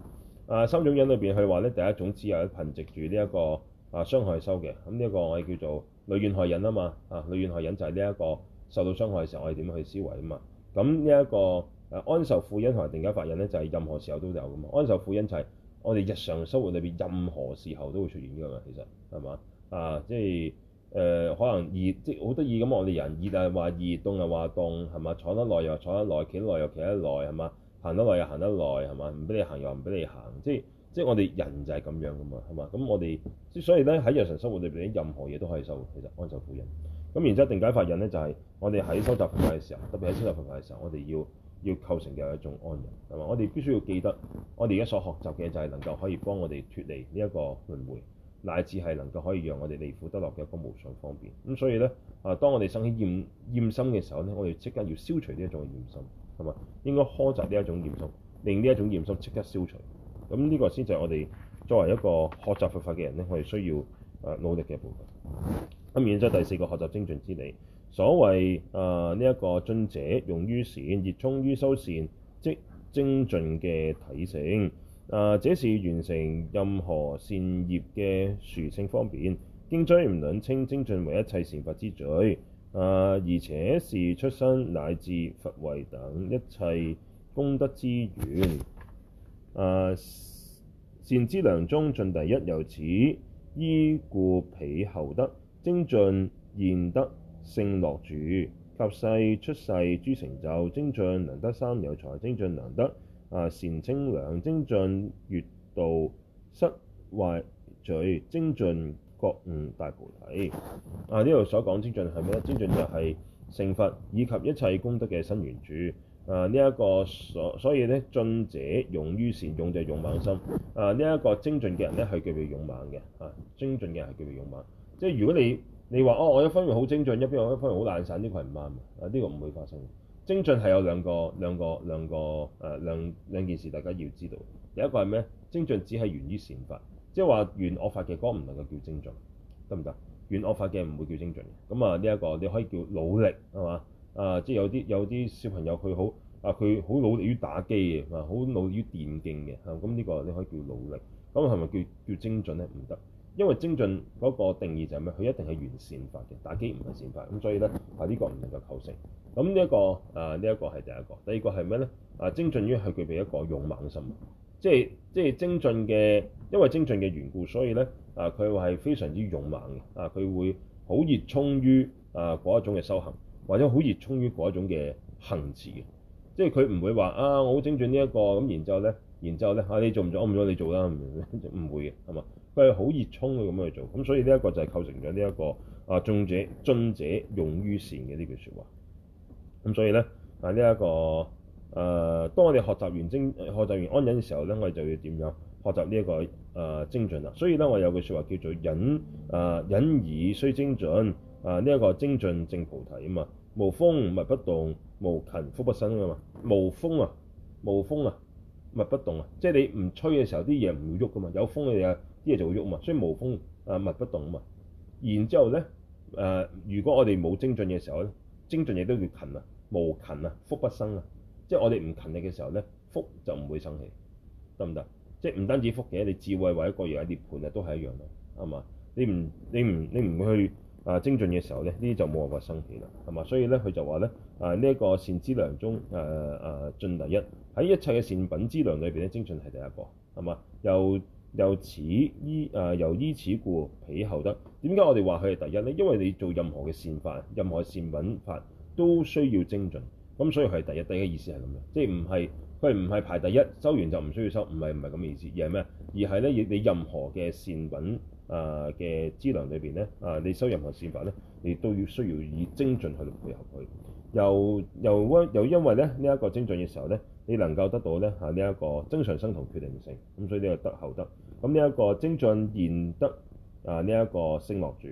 啊，三種忍裏邊，佢話咧，第一種只係憑藉住呢一個啊，傷害收嘅。咁呢一個我哋叫做耐怨害忍啊嘛。啊，耐怨害忍就係呢一個受到傷害嘅時候，我係點樣去思維啊嘛。咁呢一個啊，安受苦忍同埋定解法忍咧，就係、是、任何時候都有噶嘛。安受苦忍就係我哋日常生活裏邊任何時候都會出現嘅嘛。其實係嘛？啊，即係誒、呃，可能熱即係好得意咁。我哋人熱就話熱，凍就話凍，係嘛？坐得耐又坐又得耐，企得耐又企得耐，係嘛？行得耐又行得耐，係嘛？唔俾你行又唔俾你行，即係即係我哋人就係咁樣噶嘛，係嘛？咁我哋即所以咧喺日常生活裏邊，任何嘢都可以受其實安受苦忍。咁然之後定解法忍咧，就係、是、我哋喺收集佛牌嘅時候，特別喺收集佛牌嘅時候，我哋要要構成嘅一種安忍，係嘛？我哋必須要記得，我哋而家所學習嘅就係能夠可以幫我哋脫離呢一個輪迴。乃至係能夠可以讓我哋離苦得樂嘅一個無上方便，咁所以咧，啊，當我哋生起厭厭心嘅時候咧，我哋即刻要消除呢一種厭心，係咪，應該苛責呢一種厭心，令呢一種厭心即刻消除，咁呢個先就係我哋作為一個學習佛法嘅人咧，我哋需要、呃、努力嘅部分。咁然之後第四個學習精進之理，所謂啊，呢一個進者勇於善，熱衷於修善，即精進嘅體性。啊！這是完成任何善業嘅殊勝方便。經莊嚴論中稱精進為一切善法之最，啊，而且是出生乃至佛位等一切功德之源、啊、善資糧中進第一，由此依故彼後得，精進現得勝樂住，及世出世諸成就，精進能得三有財，精進能得。啊！善清淨，精進越度失壞聚，精進覺悟大菩提。啊！呢度所講精進係咩咧？精進就係成佛以及一切功德嘅新源主啊！呢、這、一個所所以咧，進者勇於善用，就係勇猛心啊！呢、這、一個精進嘅人咧，係叫做勇猛嘅啊！精進嘅人係叫做勇猛，即係如果你你話哦，我一邊好精進，一邊我一邊好懶散，呢、這個係唔啱啊！呢、這個唔會發生。精進係有兩個兩個兩個誒、呃、兩兩件事，大家要知道。第一個係咩？精進只係源於善法，即係話原惡法嘅光唔能夠叫精進，得唔得？原惡法嘅唔會叫精進嘅。咁啊，呢一個你可以叫努力係嘛？啊，即係有啲有啲小朋友佢好啊，佢好努力於打機嘅，啊，好努力於電競嘅，嚇，咁呢個你可以叫努力。咁係咪叫叫精進咧？唔得。因為精進嗰個定義就係咩？佢一定係完善法嘅，打機唔係完善法。咁所以咧，呢、啊呢個唔能夠構成。咁呢一個啊，呢、呢、一個係第一個。第二個係咩咧？啊，精進於係具備一個勇猛心，即係即係精進嘅，因為精進嘅緣故，所以咧啊，佢係非常之勇猛嘅。啊，佢、啊、會好熱衷於啊嗰一種嘅修行，或者好熱衷於嗰一種嘅行持嘅。即係佢唔會話啊，我好精進呢、呢、一個，咁然之後咧。然之後咧，嚇你做唔做？我唔做，你做啦，唔、嗯嗯、會嘅，係嘛？佢係好熱衷嘅咁去做，咁所、這個啊、所以呢一個就係構成咗呢一個啊，眾者進者勇於善嘅呢句說話。咁所以咧，啊呢一個誒，當我哋學習完精學習完安忍嘅時候咧，我哋就要點樣學習呢、這、一個誒、啊、精進啦？所以咧，我有句說話叫做忍誒忍而須精進誒呢一個精進正菩提啊嘛。無風物不動，無勤福不生啊嘛。無風啊，無風啊。物不動啊，即係你唔吹嘅時候，啲嘢唔會喐噶嘛。有風嘅時候，啲嘢就會喐嘛。所以無風啊，物不動啊。然之後咧，誒、呃，如果我哋冇精進嘅時候咧，精進亦都叫勤啊，無勤啊，福不生啊。即係我哋唔勤力嘅時候咧，福就唔會生起，得唔得？即係唔單止福嘅，你智慧或者一個人嘅涅盤啊，都係一樣啦，係嘛？你唔你唔你唔去啊精進嘅時候咧，呢啲就冇辦法生起啦，係嘛？所以咧，佢就話咧，啊呢一、這個善資糧中誒誒進第一。喺一切嘅善品資糧裏邊咧，精進係第一個，係嘛？由由此依誒、呃、由依此故彼後得。點解我哋話佢係第一咧？因為你做任何嘅善法、任何善品法都需要精進，咁所以係第一。第一嘅意思係咁嘅，即係唔係佢唔係排第一，修完就唔需要修，唔係唔係咁嘅意思，而係咩而係咧，你任何嘅善品啊嘅、呃、資糧裏邊咧，啊、呃、你修任何善法咧，你都要需要以精進去配合佢。又又又因為咧呢一個精進嘅時候咧，你能夠得到咧嚇呢一、啊這個增上生同決定性，咁、嗯、所以呢個得後得。咁呢一個精進現得啊呢一個勝樂住。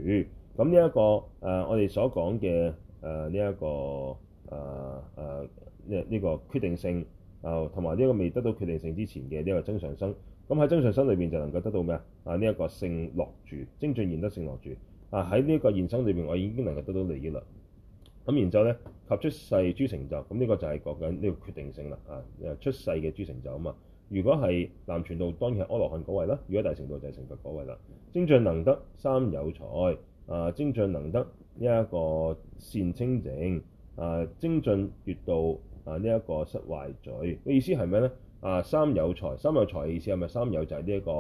咁呢一個誒我哋所講嘅誒呢一個誒誒呢呢個決定性，啊同埋呢個未得到決定性之前嘅呢個增上生，咁喺增上生裏邊就能夠得到咩啊？啊呢一個勝樂住，精進現得勝樂住。啊喺呢一個現生裏邊，我已經能夠得到利益啦。咁然之後咧，及出世諸成就，咁、這、呢個就係講緊呢個決定性啦，啊誒出世嘅諸成就啊嘛。如果係南傳道，當然係阿羅漢嗰位啦；如果大乘道就係、是、成佛嗰位啦。精進能得三有財，啊精進能得呢一個善清淨，啊精進越度啊呢一、這個失壞聚，嘅意思係咩咧？啊三有財，三有財嘅意思係咪三有就係呢一個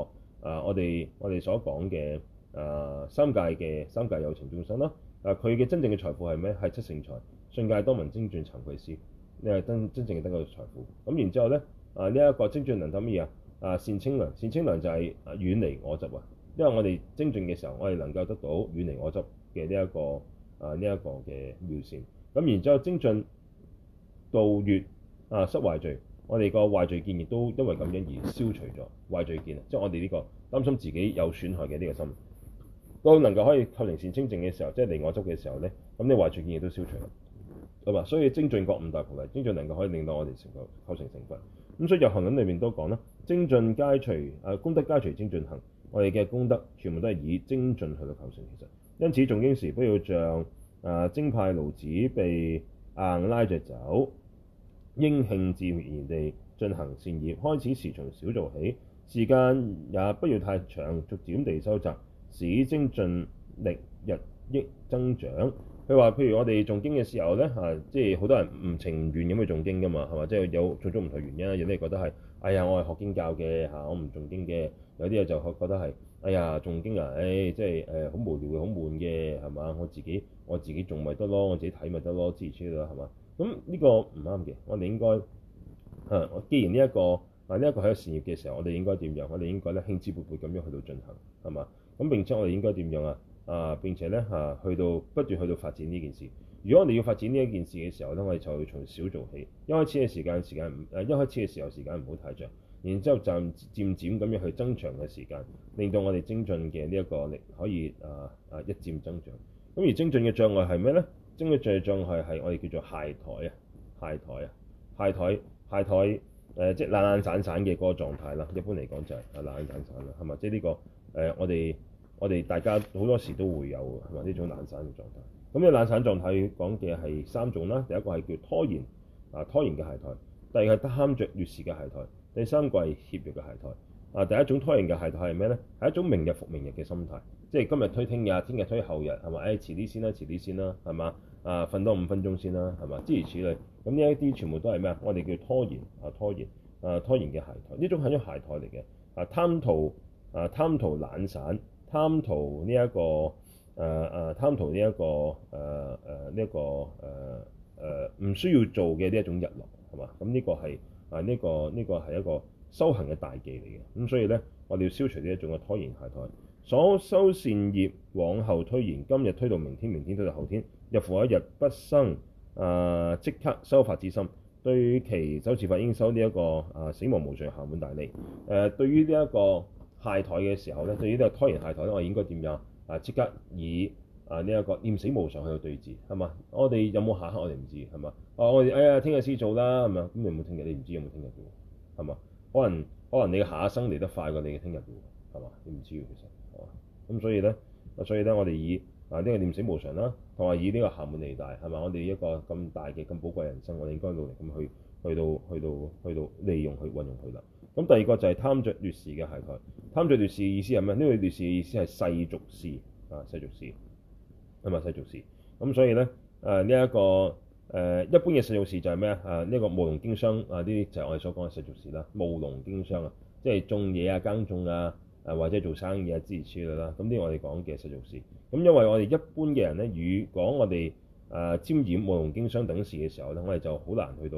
啊我哋我哋所講嘅啊三界嘅三界有情眾生啦。啊！佢嘅真正嘅財富係咩？係七成財，信戒多聞精進尋貴師，你係真真正嘅得到財富。咁、啊、然之後咧，啊呢一、這個精進能得咩啊？啊善清涼，善清涼就係啊遠離我執啊！因為我哋精進嘅時候，我哋能夠得到遠離我執嘅呢一個啊呢一、這個嘅妙善。咁、啊、然之後精進度越啊，失壞罪，我哋個壞罪建亦都因為咁樣而消除咗壞罪建見，即係我哋呢個擔心自己有損害嘅呢個心。都能夠可以構成善清淨嘅時候，即係離我執嘅時候咧，咁你壞處見亦都消除，好嘛，所以精進覺悟大菩提，精進能夠可以令到我哋成個構成成佛。咁所以《入行論》裏面都講啦，精進皆隨啊，功德皆隨精進行。我哋嘅功德全部都係以精進去到構成。其實，因此誦經時不要像啊徵派驢子被硬拉着走，應興致盎然地進行善業，開始時從小做起，時間也不要太長，逐漸地修習，使精進力日益增長。佢話：譬如我哋誦經嘅時候咧，嚇、啊，即係好多人唔情願咁去誦經㗎嘛，係嘛？即係有種種唔同原因，有啲覺得係：哎呀，我係學經教嘅嚇、啊，我唔誦經嘅。有啲嘢就覺得係：哎呀，誦經啊，哎，即係誒好無聊，好悶嘅，係嘛？我自己我自己仲咪得咯，我自己睇咪得咯，黐住係嘛？咁呢個唔啱嘅，我哋應該嚇。我、啊、既然呢、這、一個啊呢一、這個喺事業嘅時候，我哋應該點樣？我哋應該咧，興致勃勃咁樣去到進行係嘛？咁並且我哋應該點樣啊？啊並且咧嚇、啊、去到不斷去到發展呢件事。如果我哋要發展呢一件事嘅時候咧，我哋就要從小做起。一開始嘅時間時間誒，一開始嘅時候時間唔好、啊、太長。然之後就漸漸咁樣去增長嘅時間，令到我哋精進嘅呢一個力可以啊啊一漸增長。咁、啊、而精進嘅障礙係咩咧？精進嘅障礙係係我哋叫做懈怠啊、懈怠啊、懈怠、懈怠誒，即係懶懶散散嘅嗰個狀態啦。一般嚟講就係啊懶懶散散啦，係咪？即係、這、呢個誒、呃、我哋。我哋大家好多時都會有係嘛呢種懶散嘅狀態。咁呢懶散狀態講嘅係三種啦，第一個係叫拖延啊，拖延嘅懈怠；第二個係貪著劣事嘅懈怠；第三個係怯弱嘅懈怠啊。第一種拖延嘅懈怠係咩呢？係一種明日復明日嘅心態，即係今日推聽日，聽日推後日係嘛？誒遲啲先啦，遲啲先啦，係嘛？啊瞓多五分鐘先啦，係嘛？諸如此類。咁呢一啲全部都係咩啊？我哋叫拖延啊，拖延啊，拖延嘅懈怠呢種係一種懈怠嚟嘅啊，貪圖啊貪圖懶散。貪圖呢、這、一個誒誒、呃啊、貪圖呢、這、一個誒誒呢一個誒誒唔需要做嘅呢一種日落係嘛？咁呢、嗯這個係啊呢、這個呢、這個係一個修行嘅大忌嚟嘅。咁所以咧，我哋要消除呢一種嘅拖延懈怠。所修善業，往後推延，今日推到明天，明天推到後天，日復一日，不生啊、呃、即刻修法之心，對其對治法應修呢一個啊、呃、死無常暇滿大利誒、呃。對於呢一個懈怠嘅時候咧，對於呢個拖延懈怠咧，我應該點樣？啊，即刻以啊呢一、這個念死無常去到對治，係嘛？我哋有冇下刻我哋唔知，係嘛？哦、啊，我哋哎呀，有有聽日先做啦，係嘛？咁你有冇聽日？你唔知有冇聽日嘅喎，係嘛？可能可能你嘅下一生嚟得快過你嘅聽日嘅喎，係嘛？你唔知其實，係嘛？咁所以咧，所以咧，我哋以啊呢、這個念死無常啦，同埋以呢個暇滿利大係嘛？我哋一個咁大嘅咁寶貴人生，我哋應該努力咁去去到去到去到，去到利用去運用佢啦。咁第二個就係貪着劣事嘅係，佢貪着劣事嘅意思係咩？呢、這個劣事嘅意思係世俗事。啊，世俗事係咪世俗事？咁所以咧誒呢一、呃這個誒、呃、一般嘅世俗事就係咩啊？呢、這個務農經商啊，呢啲就係我哋所講嘅世俗事啦。務農經商啊，即係種嘢啊、耕種啊，誒或者做生意啊之類啦。咁呢個我哋講嘅世俗事。咁、啊啊啊、因為我哋一般嘅人咧，如果我哋誒沾染務農經商等事嘅時候咧，我哋就好難去到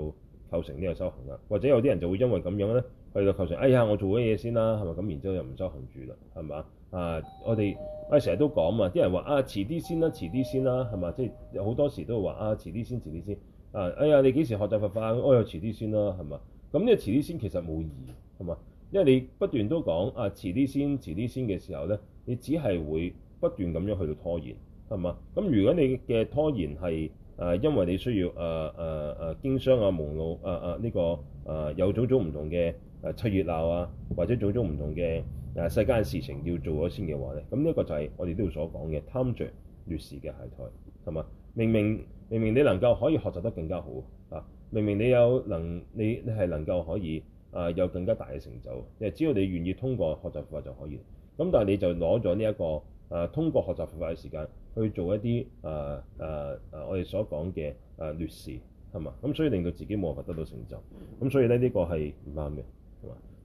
構成呢個修行啦。或者有啲人就會因為咁樣咧。去到構成，哎呀，我做咗嘢先啦，係咪咁？然之後又唔收行住啦，係嘛？啊，我哋啊，成日都講嘛，啲人話啊，遲啲先啦，遲啲先啦，係嘛？即係好多時都話啊，遲啲先，遲啲先。啊，哎呀，你幾時學習佛法？我又遲啲先啦，係嘛？咁呢個遲啲先其實冇意義，係嘛？因為你不斷都講啊，遲啲先，遲啲先嘅時候咧，你只係會不斷咁樣去到拖延，係嘛？咁如果你嘅拖延係誒，因為你需要誒誒誒經商啊，門路啊啊呢個啊有種種唔同嘅。誒，湊熱鬧啊，或者種種唔同嘅誒世間事情要做咗先嘅話咧，咁呢個就係我哋都要所講嘅貪著劣事嘅懈怠，係嘛？明明明明你能夠可以學習得更加好啊，明明你有能你你係能夠可以誒、啊、有更加大嘅成就，即係只要你願意通過學習法就可以。咁但係你就攞咗呢一個誒、啊、通過學習法嘅時間去做一啲誒誒誒我哋所講嘅誒劣事，係嘛？咁所以令到自己冇辦法得到成就。咁所以咧呢、呢個係唔啱嘅。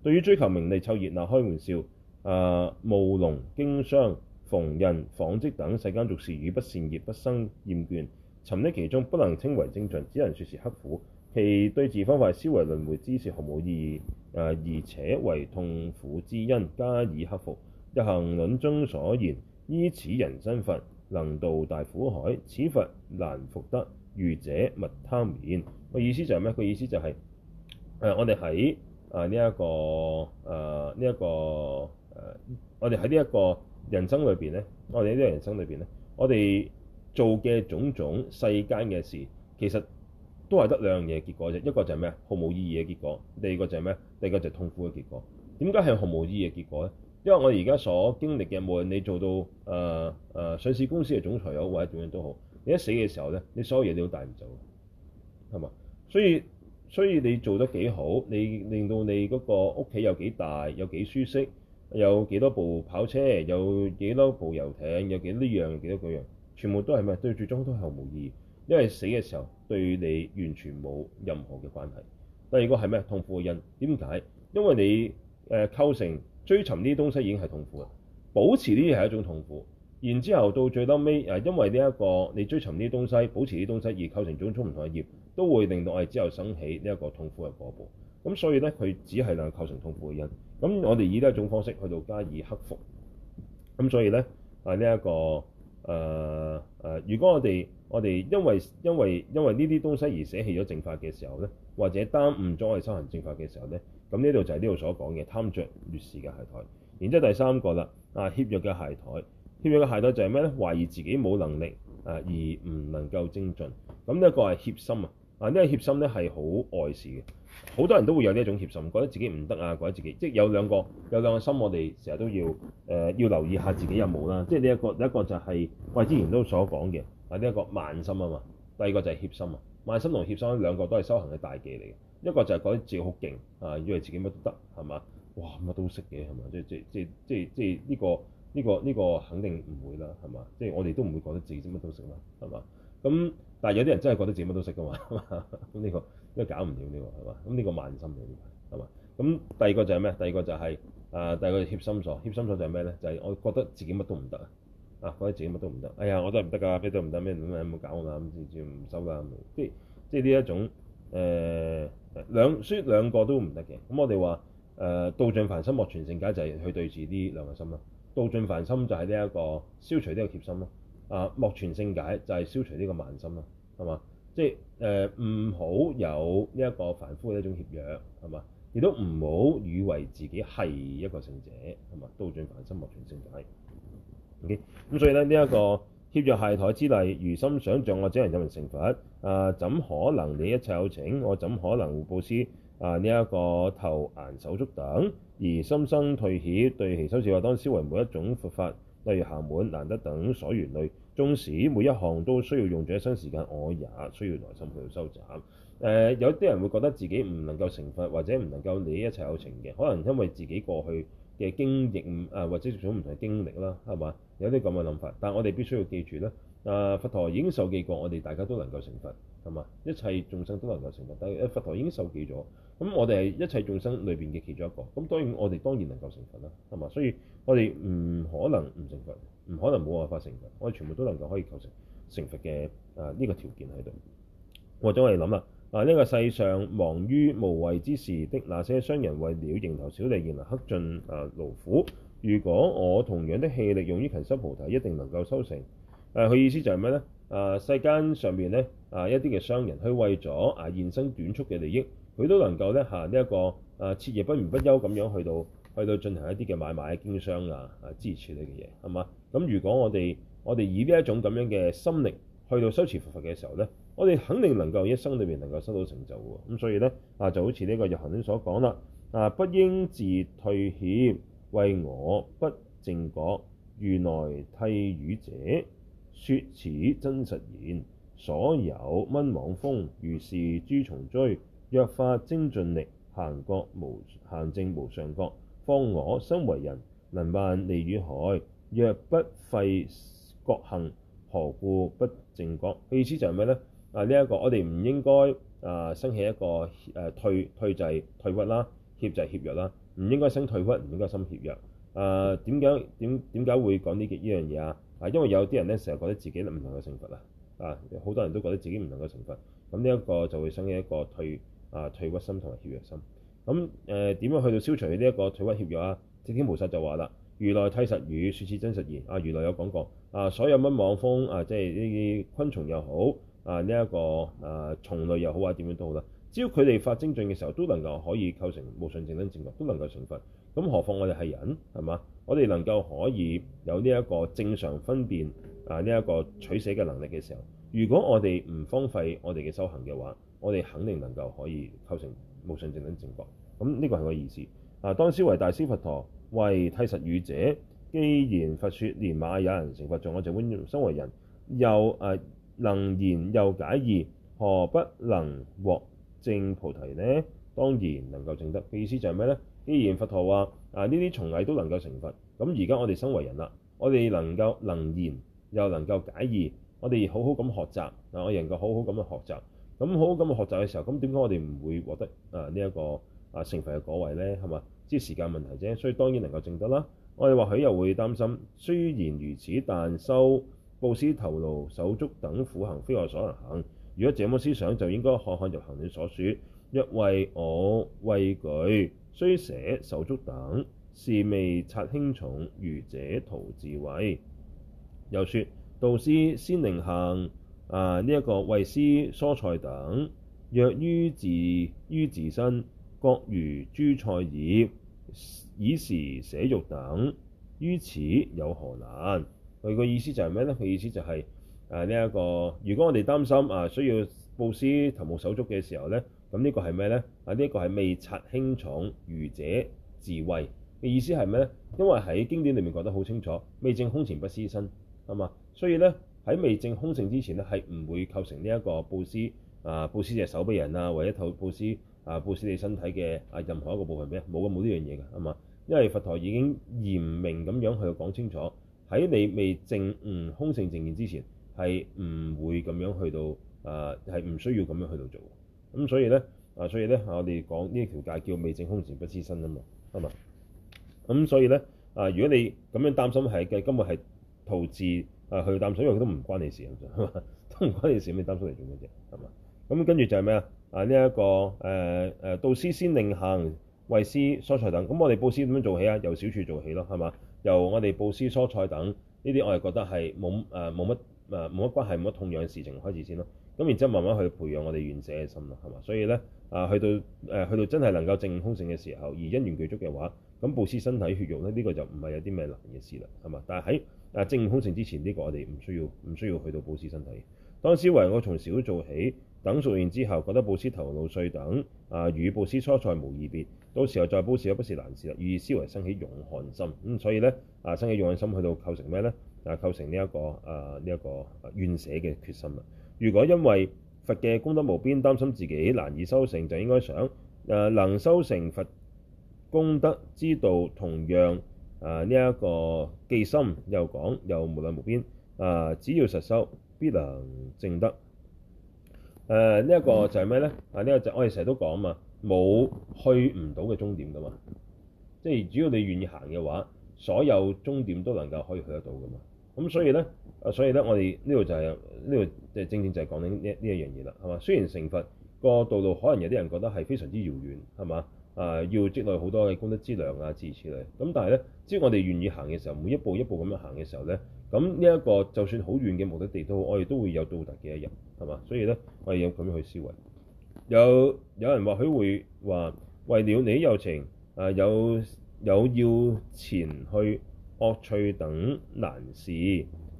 對於追求名利、湊熱鬧、開玩笑、啊務農、經商、縫紉、紡織等世間俗事與不善業不生厭倦，沉溺其中不能稱為精進，只能說是刻苦。其對治方法，思惟輪迴之事毫無意義、呃，而且為痛苦之因加以克服。入行論中所言，依此人身筏，能渡大苦海，此筏難復得，愚者勿貪眠。個意思就係咩？個意思就係、是呃、我哋喺。啊！呢、這、一個啊，呢、這、一個誒、啊，我哋喺呢一個人生裏邊咧，我哋呢個人生裏邊咧，我哋做嘅種種世間嘅事，其實都係得兩樣嘢結果啫。一個就係咩？毫無意義嘅結果。第二個就係咩？第二個就係痛苦嘅結果。點解係毫無意義嘅結果咧？因為我哋而家所經歷嘅，無論你做到誒誒、呃呃、上市公司嘅總裁又或者點樣都好，你一死嘅時候咧，你所有嘢你都帶唔走，係嘛？所以。所以你做得幾好，你令到你嗰個屋企有幾大，有幾舒適，有幾多部跑車，有幾多部遊艇，有幾多樣，幾多個樣，全部都係咩？對最終都係毫無意義，因為死嘅時候對你完全冇任何嘅關係。第二個係咩？痛苦嘅因。點解？因為你誒、呃、構成追尋呢啲東西已經係痛苦嘅，保持呢啲係一種痛苦。然之後到最嬲尾誒，因為呢、這、一個你追尋呢啲東西，保持呢啲東西而構成種種唔同嘅業。都會令到我哋之後生起呢一個痛苦嘅過步，咁所以咧佢只係能夠構成痛苦嘅因，咁我哋以呢一種方式去到加以克服，咁所以咧喺呢一、這個誒誒、呃呃，如果我哋我哋因為因為因為呢啲東西而捨棄咗正法嘅時候咧，或者耽誤咗我哋修行正法嘅時候咧，咁呢度就係呢度所講嘅貪着劣事嘅懈怠，然之後第三個啦，啊怯弱嘅懈怠，怯弱嘅懈怠就係咩咧？懷疑自己冇能力啊，而唔能夠精進，咁呢一個係怯心啊。啊！呢個怯心咧係好礙事嘅，好多人都會有呢一種怯心，覺得自己唔得啊，覺得自己即係有兩個有兩個心，我哋成日都要誒、呃、要留意下自己有冇啦。即係呢一個一、這個就係、是、我之前都所講嘅，呢、這、一個慢心啊嘛，第二個就係怯心啊。慢心同怯心兩個都係修行嘅大忌嚟嘅。一個就係覺得自己好勁啊，以為自己乜都得係嘛？哇乜都識嘅係嘛？即係即係即係即係即係呢、這個呢、這個呢、這個肯定唔會啦係嘛？即係我哋都唔會覺得自己乜都識啦係嘛？咁但係有啲人真係覺得自己乜都識㗎嘛，咁 呢、這個因為、這個、搞唔掂呢個係嘛？咁呢個慢心嚟㗎，係嘛？咁第二個就係咩？第二個就係、是、啊，第二個係怯心所。怯心所就係咩咧？就係、是、我覺得自己乜都唔得啊，啊覺得自己乜都唔得，哎呀我、啊、都係唔得㗎，乜都唔得咩唔咩冇搞㗎嘛，咁自然唔收㗎，即係即係呢一種誒、呃、兩，所以兩個都唔得嘅。咁我哋話誒道盡凡心莫全聖解，就係去對治呢兩個心啦。道盡凡心就係呢一個消除呢個怯心咯。啊！莫存聖解，就係、是、消除呢個慢心啦，係嘛？即係誒，唔、呃、好有呢一個凡夫嘅一種怯弱，係嘛？亦都唔好以為自己係一個聖者，係嘛？都盡凡心，莫存聖解。OK，咁所以咧，呢、這、一個怯弱懈怠之例，如心想像我這種人怎可能成佛，啊，怎可能利一切有情，我怎可能佈施？啊，呢、這、一個頭顏手足等，而心生退怯，其對治法，我當思維每一種佛法。例如暇滿難得等所緣類，縱使每一項都需要用咗一生時間，我也需要耐心去修習。誒、呃，有啲人會覺得自己唔能夠成佛，或者唔能夠利一切有情嘅，可能因為自己過去嘅經驗啊、呃，或者種唔同嘅經歷啦，係嘛？有啲咁嘅諗法，但係我哋必須要記住啦。啊、呃，佛陀已經受記過，我哋大家都能夠成佛。係嘛？一切眾生都能夠成佛，但係佛陀已經受記咗。咁我哋係一切眾生裏邊嘅其中一個。咁當然我哋當然能夠成佛啦。係嘛？所以我哋唔可能唔成佛，唔可能冇辦法成佛。我哋全部都能夠可以構成成佛嘅啊呢、這個條件喺度。或者我哋諗啦，啊呢、這個世上忙於無謂之事的那些商人，為了蠅頭小利而嚟克盡啊勞苦。如果我同樣的氣力用於勤修菩提，一定能夠修成。誒、啊、佢意思就係咩呢？啊，世間上面咧啊，一啲嘅商人，佢為咗啊現生短促嘅利益，佢都能夠咧嚇呢一個啊，這個、徹夜不眠不休咁樣去到去到進行一啲嘅買賣、經商啊啊，支持呢嘅嘢，係嘛？咁如果我哋我哋以呢一種咁樣嘅心力去到修持佛法嘅時候咧，我哋肯定能夠一生裏邊能夠收到成就喎。咁、啊、所以咧啊，就好似呢個入行論所講啦，啊，不應自退怯，謂我不證覺，如來諦語者。說此真實言，所有蚊虻蜂，如是諸蟲蛆。若發精進力，行覺無成證無上覺。況我生為人，能辦利與害。若不廢覺行，何故不證覺？嘅意思就係咩呢？啊，呢、這、一個我哋唔應該啊，生、呃、起一個誒退退墜退屈啦，怯就怯弱啦，唔應該生退屈，唔應該心怯弱。啊、呃，點解點點解會講呢呢樣嘢啊？啊，因為有啲人咧成日覺得自己咧唔能夠成佛啦，啊好多人都覺得自己唔能夠成佛，咁呢一個就會生起一個退啊退屈心同埋怯弱心。咁誒點樣去到消除呢一個退屈怯弱啊？《寂天菩薩》就話啦：「如來諦實語，說此真實言。」啊，如來有講過，啊所有蚊虻蜂啊，即係呢啲昆蟲又好，啊呢一、這個啊蟲類又好，或者點樣都好啦，只要佢哋發精進嘅時候，都能夠可以構成無上正等正覺，都能夠成佛。咁何況我哋係人，係嘛？我哋能夠可以有呢一個正常分辨啊呢一、這個取捨嘅能力嘅時候，如果我哋唔荒廢我哋嘅修行嘅話，我哋肯定能夠可以構成無上正等正覺。咁、嗯、呢、這個係我意思。啊，當思為大師佛陀，為諦實語者，既然佛說連螞蟻也能成佛，像我這般生為人，又啊、呃、能言又解義，何不能獲正菩提呢？當然能夠證得嘅意思就係咩呢？既然佛陀話啊，呢啲蟲蟻都能夠成佛，咁而家我哋身為人啦，我哋能夠能言又能夠解義，我哋好好咁學習啊，我哋能夠好好咁去學習，咁、啊嗯、好好咁去學習嘅時候，咁點解我哋唔會獲得啊呢一個啊成佛嘅果位呢？係嘛，即係時間問題啫。所以當然能夠證得啦。我哋或許又會擔心，雖然如此，但修布施、頭顱、手足等苦行，非我所能行。如果這麼思想，就應該看看入行論所説：若為我畏懼。須捨手足等，是未察輕重；愚者徒自毀。又說：導師先令行啊呢一、這個惠施蔬菜等，若於自於自身，各如諸菜葉。以時捨肉等，於此有何難？佢個意思就係咩呢？佢意思就係、是、啊呢一、這個，如果我哋擔心啊需要布施頭目手足嘅時候呢。」咁呢個係咩呢？啊！呢一個係未察輕重，愚者智慧嘅意思係咩咧？因為喺經典裏面講得好清楚，未證空前不施身啊嘛。所以呢，喺未證空性之前咧，係唔會構成呢一個布施啊，佈施隻手俾人啊，或者透布施啊，佈施你身體嘅啊任何一個部分咩？冇咁冇呢樣嘢㗎係嘛？因為佛陀已經嚴明咁樣去講清楚，喺你未證悟空性證見之前係唔會咁樣去到啊，係、呃、唔需要咁樣去到做。咁所以咧啊，所以咧我哋講呢條界叫未正空前不知身啊嘛，係嘛？咁所以咧啊，如果你咁樣擔心係嘅，今日係陶治啊去擔心，因為佢都唔關你事嘅，係嘛？都唔關你事，你擔心嚟做咩啫？係嘛？咁跟住就係咩啊？啊呢一個誒誒、呃、導師先令行，惠施蔬菜等。咁、嗯、我哋布施點樣做起啊？由小處做起咯，係嘛？由我哋布施蔬菜等呢啲，我係覺得係冇誒冇乜誒冇乜關係冇乜痛癢嘅事情開始先咯。咁然之後，慢慢去培養我哋願捨嘅心啦，係嘛？所以咧啊、呃，去到誒、呃、去到真係能夠正悟空性嘅時候，而因緣具足嘅話，咁布施身體血肉咧，呢、這個就唔係有啲咩難嘅事啦，係嘛？但係喺啊正悟空性之前，呢、這個我哋唔需要唔需要去到布施身體嘅當思維，我從小做起，等熟完之後，覺得布施頭腦碎等啊，ate, 與布施蔬菜無異別，到時候再布施又不是難事啦。與思維生起勇悍心咁，所以咧啊，生起勇悍心去到構成咩咧？啊構成呢一個啊呢一個願捨嘅決心啦。Mm. 如果因為佛嘅功德無邊，擔心自己難以修成就應該，應該想誒，能修成佛功德之道，同樣啊呢一個既深又廣又無量無邊啊、呃，只要實修，必能證得。誒呢一個就係咩咧？啊呢、這個就我哋成日都講啊嘛，冇去唔到嘅終點㗎嘛，即係只要你願意行嘅話，所有終點都能夠可以去得到㗎嘛。咁所以咧，啊，所以咧、就是，我哋呢度就係呢度，即係正正就係講緊呢呢一樣嘢啦，係嘛？雖然成佛個道路可能有啲人覺得係非常之遙遠，係嘛？啊、呃，要積累好多嘅功德資糧啊，諸如此類。咁但係咧，只要我哋願意行嘅時候，每一步一步咁樣行嘅時候咧，咁呢一個就算好遠嘅目的地都我哋都會有到達嘅一日，係嘛？所以咧，我哋有咁樣去思維。有有人或許會話，為了你有情，啊、呃，有有要前去，惡趣等難事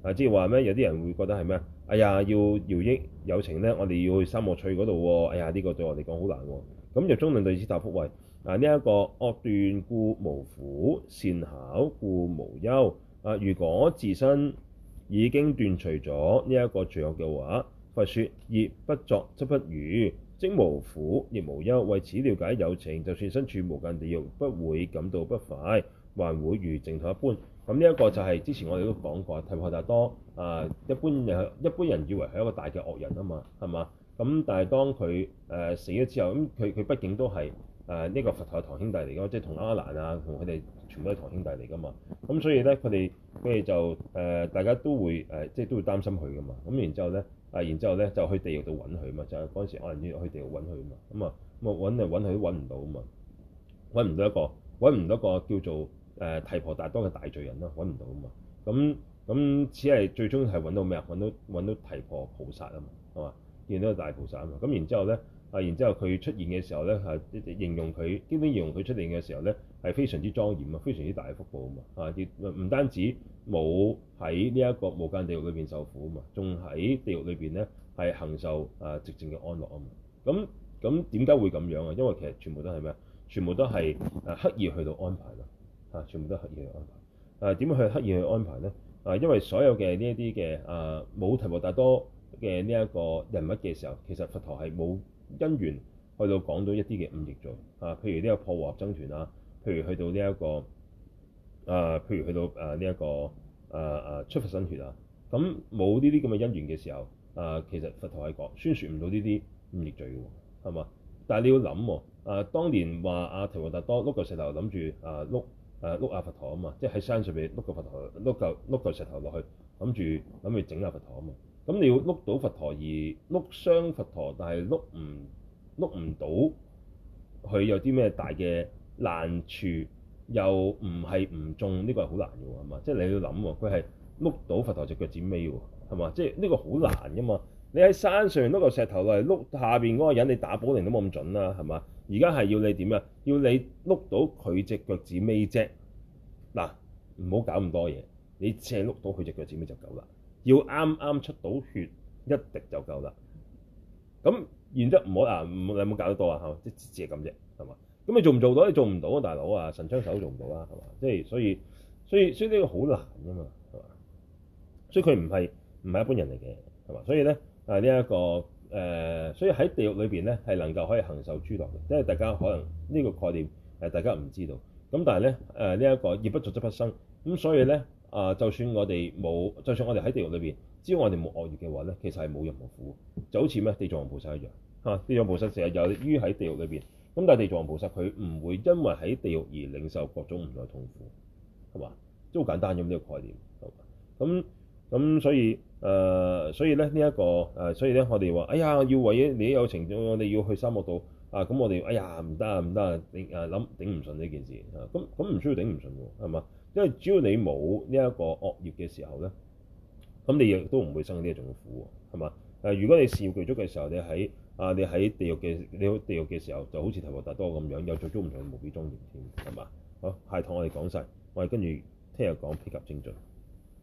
啊，即係話咩？有啲人會覺得係咩？哎呀，要饒益有情呢，我哋要去三惡趣嗰度喎。哎呀，呢、這個對我哋講好難喎、哦。咁、嗯，《入中論》對此答覆為啊呢一、這個惡斷故無苦，善巧故無憂。啊，如果自身已經斷除咗呢一個罪惡嘅話，佛説業不作則不遇。即無苦亦無憂。為此了解有情，就算身處無間地獄，不會感到不快，還會如淨土一般。咁呢一個就係之前我哋都講過，提婆達多啊，一般人，一般人以為係一個大嘅惡人啊嘛，係嘛？咁、嗯、但係當佢誒、呃、死咗之後，咁佢佢畢竟都係誒呢個佛陀嘅堂兄弟嚟㗎，即係同阿難啊，同佢哋全部都係堂兄弟嚟㗎嘛。咁、嗯、所以咧，佢哋即係就誒、呃、大家都會誒、呃，即係都會擔心佢㗎嘛。咁然之後咧，啊，然之後咧就去地獄度揾佢嘛，就係嗰陣時可能要去地獄揾佢嘛。咁、嗯、啊，咁揾嚟揾佢都揾唔到啊嘛，揾唔到一個，揾唔到一個叫做。叫做叫做叫做叫做誒提婆達多嘅大罪人啦，揾唔到啊嘛。咁咁只係最終係揾到咩啊？揾到揾到提婆菩薩啊嘛，係嘛？見到個大菩薩啊嘛。咁然之後咧，啊然之後佢出現嘅時候咧，係形容佢，基本形容佢出現嘅時候咧，係非常之莊嚴啊，非常之大嘅福報啊嘛。啊，亦唔唔單止冇喺呢一個無間地獄裏邊受苦啊嘛，仲喺地獄裏邊咧係行受啊寂靜嘅安樂啊嘛。咁咁點解會咁樣啊？因為其實全部都係咩啊？全部都係誒刻意去到安排咯。啊！全部都刻意去安排。誒點樣去刻意去安排咧？誒、啊，因為所有嘅呢一啲嘅啊冇提婆達多嘅呢一個人物嘅時候，其實佛陀係冇因緣去到講到一啲嘅五逆罪啊。譬如呢個破和合爭團啊，譬如去到呢、這、一個啊，譬如去到誒呢一個啊啊出佛身血啊，咁冇呢啲咁嘅因緣嘅時候，啊其實佛陀係講宣説唔到呢啲五逆罪㗎喎，係嘛？但係你要諗啊，啊，當年話阿、啊、提婆達多碌個石頭諗住啊碌。誒碌、啊、下佛陀啊嘛，即係喺山上邊碌個佛陀，碌嚿碌嚿石頭落去，諗住諗住整下佛陀啊嘛。咁你要碌到佛陀而碌傷佛陀，但係碌唔碌唔到佢有啲咩大嘅難處，又唔係唔中，呢、呢個係好難嘅喎，係嘛？即係你要諗喎，佢係碌到佛陀隻腳趾尾喎，係嘛？即係呢個好難嘅嘛。你喺山上碌嚿石頭落去，碌下邊嗰個人，你打保齡都冇咁準啦，係嘛？而家係要你點呀？要你碌到佢隻腳趾尾啫。嗱，唔好搞咁多嘢，你淨係碌到佢隻腳趾尾就夠啦。要啱啱出到血一滴就夠啦。咁然之唔好啊，你有冇搞得多啊？係嘛，即係只係咁啫，係嘛。咁你做唔做到？你做唔到啊，大佬啊，神槍手都做唔到啦，係嘛。即係所以，所以所以呢個好難噶嘛，係嘛。所以佢唔係唔係一般人嚟嘅，係嘛。所以咧，啊呢一個。誒、呃，所以喺地獄裏邊咧，係能夠可以行受諸樂嘅，即係大家可能呢個概念誒、呃，大家唔知道。咁但係咧，誒呢一個業不足則不生，咁所以咧啊、呃，就算我哋冇，就算我哋喺地獄裏邊，只要我哋冇惡業嘅話咧，其實係冇任何苦嘅。就好似咩地藏王菩薩一樣，嚇、啊，地藏王菩薩成日由於喺地獄裏邊，咁但係地藏王菩薩佢唔會因為喺地獄而領受各種唔同嘅痛苦，係嘛？都好簡單咁呢、這個概念。咁咁所以。誒，uh, 所以咧呢一個誒，uh, 所以咧我哋話，哎呀，要為咗你有情，我哋要去三惡道。啊！咁我哋，哎呀，唔得啊，唔得啊，你誒諗頂唔順呢件事啊？咁咁唔需要頂唔順喎，係嘛？因為只要你冇呢一個惡業嘅時候咧，咁你亦都唔會生呢啲咁苦喎，係嘛？但、啊、如果你善業具足嘅時候，你喺啊，你喺地獄嘅，你地獄嘅時候就好似提婆達多咁樣，有做足唔少無比莊嚴添，係嘛？好，下堂我哋講晒，我哋跟住聽日講披甲精進。精進